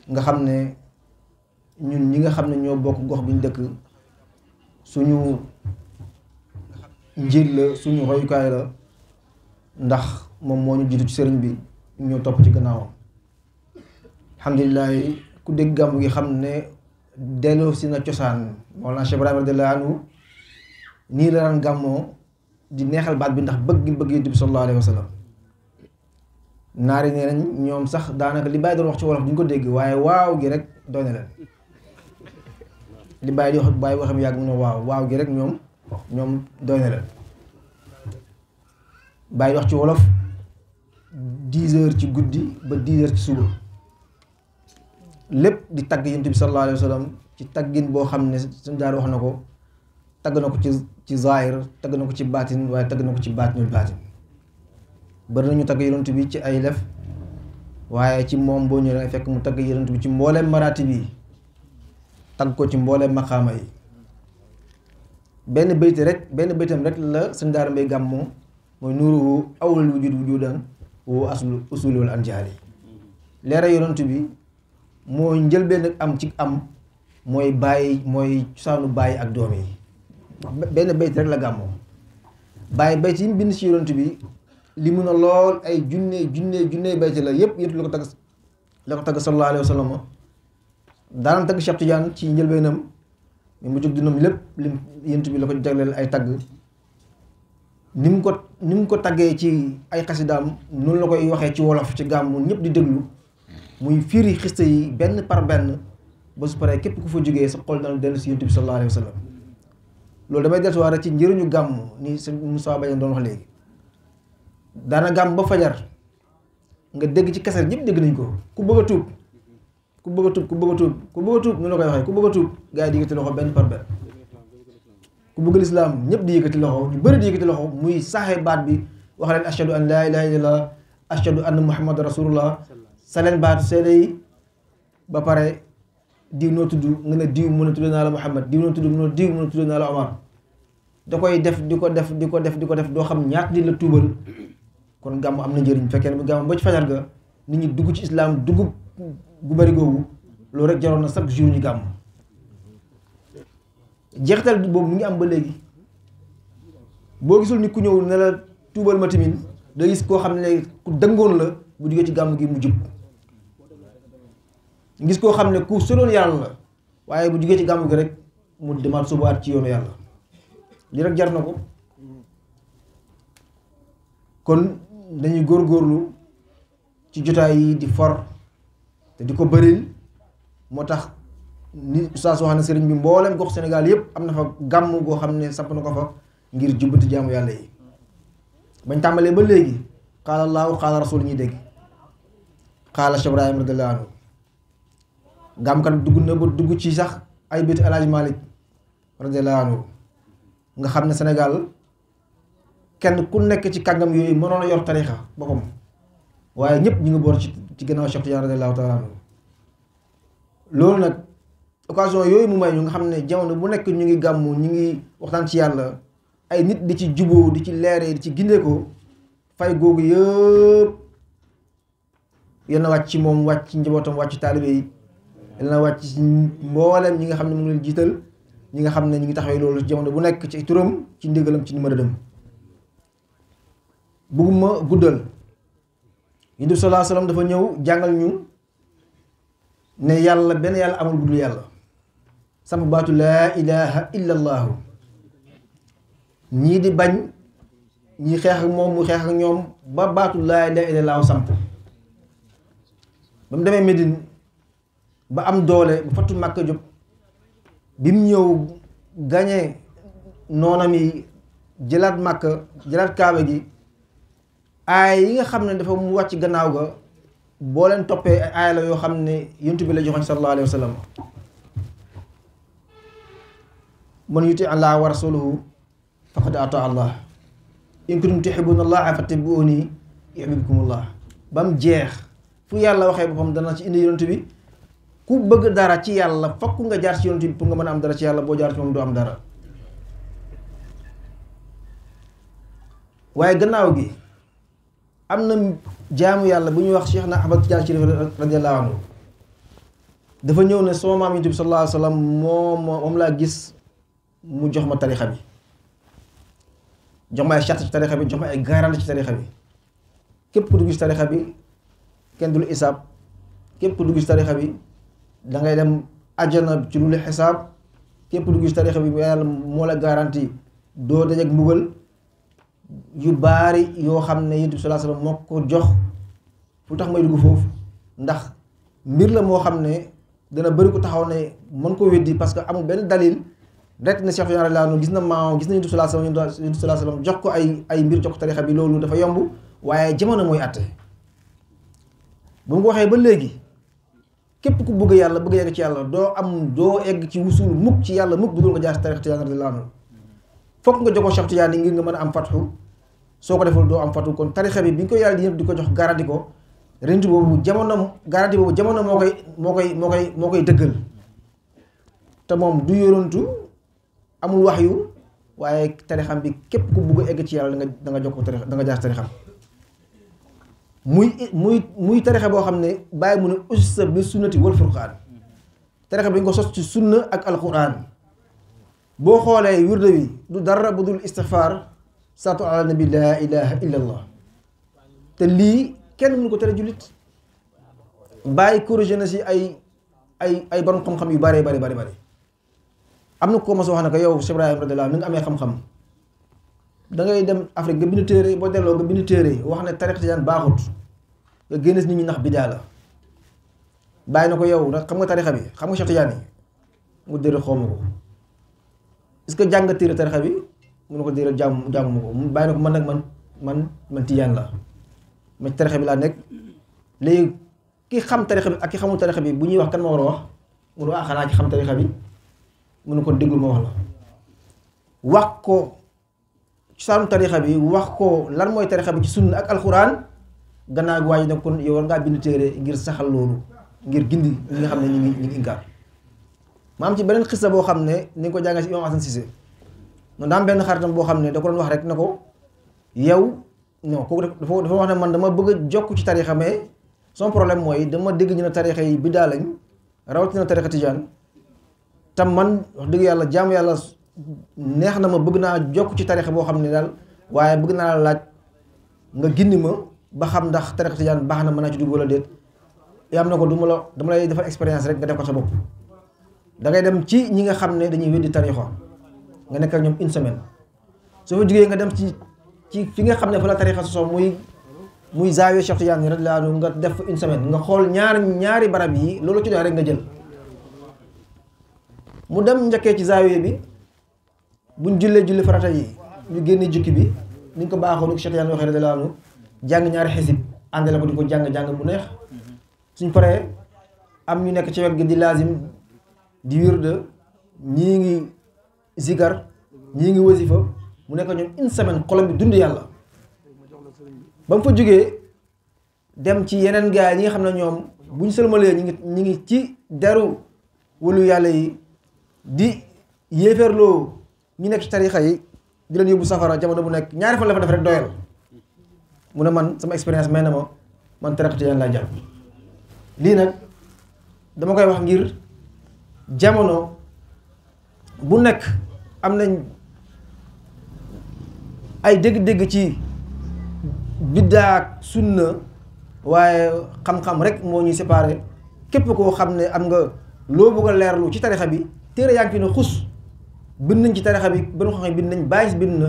nga xam ne ñun ñi nga xam ne ñoo bokk gox bi ñu dëkk suñu njiit la suñu royukaay la ndax moom moo ñu jiitu ci sëriñ bi ñoo topp ci am alhamdulilah ku dégg gàmm gi xam ne delloo si na cosaan Mawlana Cheikh Ibrahima radiyallahu anhu nii la daan gàmmoo di neexal baat bi ndax bëgg bëgg Yonent bi sallallahu alayhi wa sallam naari sax daanaka li bàyyi wax ci wolof duñ ko dégg waaye waaw gi rek doy na leen li bàyyi di wax bàyyi waxam yàgg mu ne waaw waaw gi rek ñoom ñoom doy na leen bàyyi wax ci wolof dix heures ci guddi ba dix ci suba lépp di tagg yonent bi sallallahu alayhi wa ci taggin boo xam ne suñ daal wax na ko tagg na ko ci ci zahir tagg na ko ci baatin waaye tagg na ko ci baatinul baatin bari nañu tagg yonent bi ci ay lef waaye ci moom boo ñëwee fekk mu tagg yonent bi ci mbooleem maraati bi tagg ko ci mbooleem maxaama yi benn bayti rek benn baytam la sëñ Daara gàmmoo mooy nuuru awlal wujud wujudan woo asul usul wal anjaali leera yonent bi mooy njëlbeen ak am ci am mooy bàyyi mooy cosaanu bàyyi ak doom yi benn bayt rek la gàmmoo bàyyi bayt yi mu bind ci yonent bi li mun a lool ay junne junne junne bayt la yépp yépp la ko tagg la ko tagg sallallahu alayhi wa sallam tagg Cheikh ci njëlbeenam mi mu jóg dundam lépp lim yent bi la ko jagleel ay tagg ni mu ko ni mu ko taggee ci ay xasidaam noonu la koy waxee ci wolof ci gàmmu ñëpp di déglu muy fiiri xiste yi benn par benn ba su paree képp ku fa jógee sa xol dana dellu si yent bi sallallahu alayhi wa sallam loolu damay dellusiwaat rek ci njëriñu gàmm ni sëñ Moussa Badiane doon wax léegi daana gàmm ba fajar nga dégg ci kaset ñëpp dégg nañ ko ku bëgg a tuub ku bëgg a tuub ku bëgg a tuub ku bëgg a tuub ñu la koy waxee ku bëgg a tuub gars yi di yëkkati loxo benn par benn ku bëgg lislaam ñëpp di yëkkati loxo ñu bëri di yëkkati loxo muy saaxee baat bi wax leen ashadu an laa ilaha illallah ashadu anna muhammad rasulullah sa leen baatu seede yi ba pare diw noo tudd nga ne diw mën a tudd naa la muhammad diw noo tudd mën a diw mën a tudd naa la omar da koy def di ko def di ko def di ko def doo xam ñaata nit la tuubal kon gàmm am na njëriñ fekkee ne bu gàmm ba ci fajar ga nit ñi dugg ci islaam dugg gu bari googu loolu rek jaroon na chaque jour ñu gàmm jeexital boobu mu ngi am ba léegi boo gisul ni ku ñëw ne la tuubal ma tamit da gis koo xam ne ku dëngoon la bu jugee ci gàmm gi mu jub gis koo xam ne ku soloon yàlla la waaye bu jógee ci gàmm gi rek mu demaat subaat ci yoonu yàlla li rek jar na ko kon dañuy góorgóorlu ci jotaay yi di for di ko bëril moo tax ni saa soo xam ne sëriñ bi mbooleem gox Sénégal yëpp am na fa gàmm goo xam ne samp na ko fa ngir jubbanti jaamu yàlla yi bañ tàmbalee ba léegi xaala laahu xaala rasul ñuy dégg xaala Cheikh Ibrahima radiyallahu anhu dugg na ba dugg ci sax ay béti El Hadj Malick nga xam ne Sénégal kenn ku nekk ci kàngam yooyu mënoon yor tarixa boppam waaye ñëpp ñu ngi boor ci ci gannaaw Cheikh Tidiane radiyallahu taala anhu loolu nag occasion yooyu mu may ñu nga xam ne jamono bu nekk ñu ngi gàmmu ñu ngi waxtaan ci yàlla ay nit di ci juboo di ci leeree di ci gindee ko fay googu yëpp yal na wàcc ci moom wàcc ci njabootam wàcc taalibe yi yal na wàcc ci mboolem ñi nga xam ne mu ngi leen jiital ñi nga xam ne ñu ngi taxawee loolu jamono bu nekk ci turam ci ndigalam ci numéro dem bëgguma guddal yonent bi sallallahu alayhi dafa ñëw jàngal ñu ne yàlla benn yàlla amul bu dul yàlla sama baatu laa ilaha illa ñii di bañ ñi xeex ak moom mu xeex ak ñoom ba baatu laa ilaha illa allaahu samp ba mu demee Médine ba am doole ba fattu Màkka jub bi mu ñëw gañee noonam yi jëlaat Màkka jëlaat kaaba gi aaya yi nga xam ne dafa mu wàcc gannaaw ga boo leen toppee aaya la yoo xam ne yontu bi la joxoon sallallahu alayhi wa sallam man yuti allah wa rasuluhu faqad ata allah in kuntum tuhibbuna allah fattabi'uni yuhibbukum allah ba mu jeex fu yàlla waxee boppam dana ci indi yonent bi ku bëgg dara ci yàlla fokk nga jaar ci yonent bi pour nga mën a am dara ci yàlla boo jaar ci moom doo am dara waaye gannaaw gi am na jaamu yàlla bu ñuy wax Cheikh na Ahmad Tijaan Chérif radiyallahu anhu dafa ñëw ne soo maam Yonent bi sallallahu alayhi moom laa gis mu jox ma tarixa bi jox ma ay charte ci tarixa bi jox ma ay garanti ci tarixa bi képp ku dugg ci bi kenn du lu képp ku dugg bi dangay dem ajjana ci lu lu xisaab képp ku ci tarixa bi yàlla moo la garanti doo dajeek mbugal yu baari yoo xam ne yonent bi sallallahu alayhi wasallam moo ko jox fu tax may dugg foofu ndax mbir la moo xam ne dana bëri ko taxaw ne mën ko weddi parce que amul benn dalil rek ne Cheikh Oumar Laano gis na maam gis na yonent bi sallallahu alayhi wasallam yonent bi sallallahu alayhi wasallam jox ko ay ay mbir jox ko tarixa bi loolu waaye jamono mooy àtte bu mu waxee ba léegi képp ku bëgg yàlla bëgg yegg ci yàlla doo am doo egg ci wusul mukk ci yàlla mukk bu dul nga jaar ci tarix fokk nga jokkoo Cheikh Tidiane ngir nga mën a am fatxu soo ko deful doo am fatxu kon tarixa bi bi ñu ko yàlla di yëpp di ko jox garanti ko renti boobu jamono garanti boobu jamono moo koy moo koy moo koy moo koy dëggal te moom du yorantu amul wax yu waaye tarixam bi képp ku bugg a egg ci yàlla da nga ko tarix da nga jaas tarixam muy muy muy tarixa boo xam ne bàyyi mu ne ussa bi sunnati wal furqaan tarixa bi ñu ko sos ci sunna ak alquran boo xoolee wirde wi du dara bu dul istixfaar saatu ala nabi laa ilaha illa allah te lii kenn mënu ko tere jullit bàyyi corrigé na si ay ay ay borom xam-xam yu bare bare bare bare am na ko mos wax ne ko yow Cheikh Ibrahima radiyallahu anhu ni nga amee xam-xam da ngay dem Afrique nga bind téere boo delloo nga bind téere wax ne tariq tijaan baaxut nga génne si nit ñi ndax bidaa la bàyyi na ko yow nag xam nga tarixa bi xam nga Cheikh Tijaan yi mu dëri xawma ko est-ce que jàng nga téere tarixa bi mu ne ko déedéet ko mu bàyyi na ko man man man man tijaan la man ci bi laa nekk ki xam tarixa bi ak ki xamul tarixa bi bu ñuy wax kan ma war a wax mu xanaa ci xam tarixa bi mu ne ko déggul ma wax la wax ko saalum tarixa bi wax ko lan mooy tarixa bi ci sunna ak alxuraan gannaaw gi waa ji nag kon yow war ngaa bind téere ngir saxal loolu ngir gindi li nga xam ne ñu ngi ñu ngi inkaar maam ci benen xissa bo xamne ni nga ko jàngee ci imam hasan Cissé noonu daa benn xaritam bo xamne da ko don wax rek nako yow non ko dafa dafa wax ne man dama bëgg jokk ci tariixa mais son problème moy dama dégg ñu ne tarixa yi bidaa lañ rawatina tariixa tijan tam man wax dëgg yalla jaamu yalla neex na ma bëgg na jokk ci tariixa bo xamne dal waye bëgg na la laaj nga gindi ma ba xam ndax tariixa tijan baxna mëna ci dugg wala déet yam nako duma la dama lay defal experience rek nga def ko sa bop dangay dem ci ñi nga xam ne dañuy weddi tarixa nga nekk ak ñoom une semaine soo fa jugee nga dem ci ci fi nga xam ne fa la tarixa sosoo muy muy zaawiya Cheikh Tidiane radiyallahu anhu nga def fa une semaine nga xool ñaar ñaari barab yi loolu ci dee rek nga jël mu dem njëkkee ci zaawiya bi buñ jullee julli farata yi ñu génne jukki bi ni ko baaxoo ni ko Cheikh Tidiane waxee radiyallahu anhu jàng ñaari xisib àndale ko di ko jàng jàng bu neex suñ paree am ñu nekk ci wet gi di di de ñi ngi zigar ñi ngi wazifa mu nekk ñom une semaine xolom bi dund yalla bam fa jógee dem ci yenen gaay ñi xamna ñom buñ selmalé ñi ngi ñi ngi ci daru wolu yalla yi di yéferlo ñi nekk ci tarixa yi di leen yobu safara jamono bu nekk ñaari fa la fa def rek doyal mu ne man sama experience may ma man traité yalla laa li nak dama koy wax ngir jamono bu nekk am nañ ay dégg-dégg ci biddaak na waaye xam-xam rek moo ñuy séparé képp koo xam ne am nga loo bugg a leerlu ci tarixa bi téere yaa ngi ne xus bind nañ ci tarixa bi bën xam ne bind nañ bàyyi bind na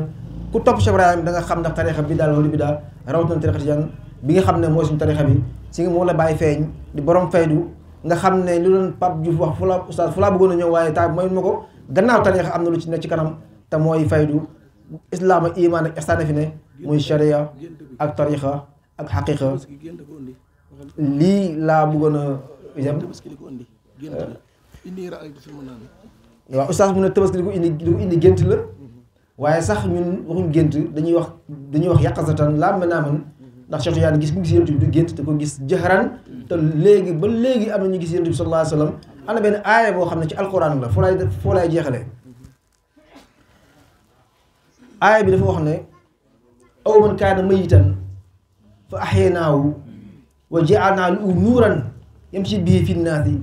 ku topp Cheikh Ibrahim da xam ndax tarixa bi daal loolu bi daal rawatina tarixa Tijaan bi nga xam ne mooy suñu tarixa bi si nga moom la bàyyi feeñ di borom faydu nga xam ne lu doon Pape Diouf wax fu la oustaz fu laa bëggoon ñëw waaye taa mooy ma ko gannaaw tariixa am na lu ci ne ci kanam te mooy faydu islaam ak imaan ak ihsaan fi ne muy sharia ak tariixa ak xaqiiqa lii laa bëggoon a yem mu ne tabaski di ko indi di ko indi gént la waaye sax ñun waxuñ gént dañuy wax dañuy wax yàqasatan laa mën naa mën ndax Cheikh Tidiane gis bu gis yonent bi du gént te ko gis jaxaran te léegi ba léegi am na ñu gis yonent bi sallallahu alayhi wa sallam am na benn aaya boo xam ne ci alquran la foo laay foo laay jeexalee aaya bi dafa wax ne aw man kaana mayitan fa axyaynaahu wa jaalnaa lahu nuuran yamshi bihi fi nnaasi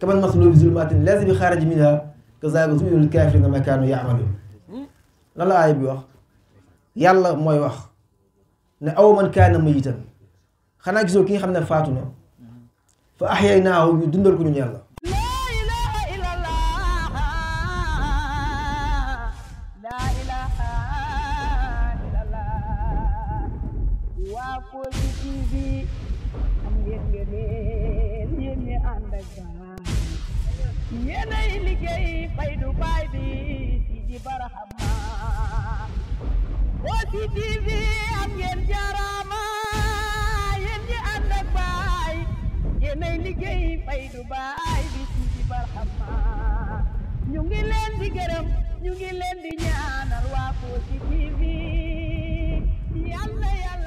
kaman mathaluhu fi zulmaatin laysa bi xaarij minhaa kazaalika nuzyyinu lil kaafiriina maa kaanu ya'maluun lan la aaya bi wax yàlla mooy wax أو من كان ميتا خنا غيسو كي خامنا فاتو نو فاحييناه يدندل كونو نيالا Yenay ligay fay du bay bi ci barahama Kossy TV am ngeen jaaraama yéen ñi ànd ak baay yéenay liggéey fay du baay bi ci ci barxama ñu ngi gërëm ñu ngi leen di ñaanal waa Kossy TV yàlla yàlla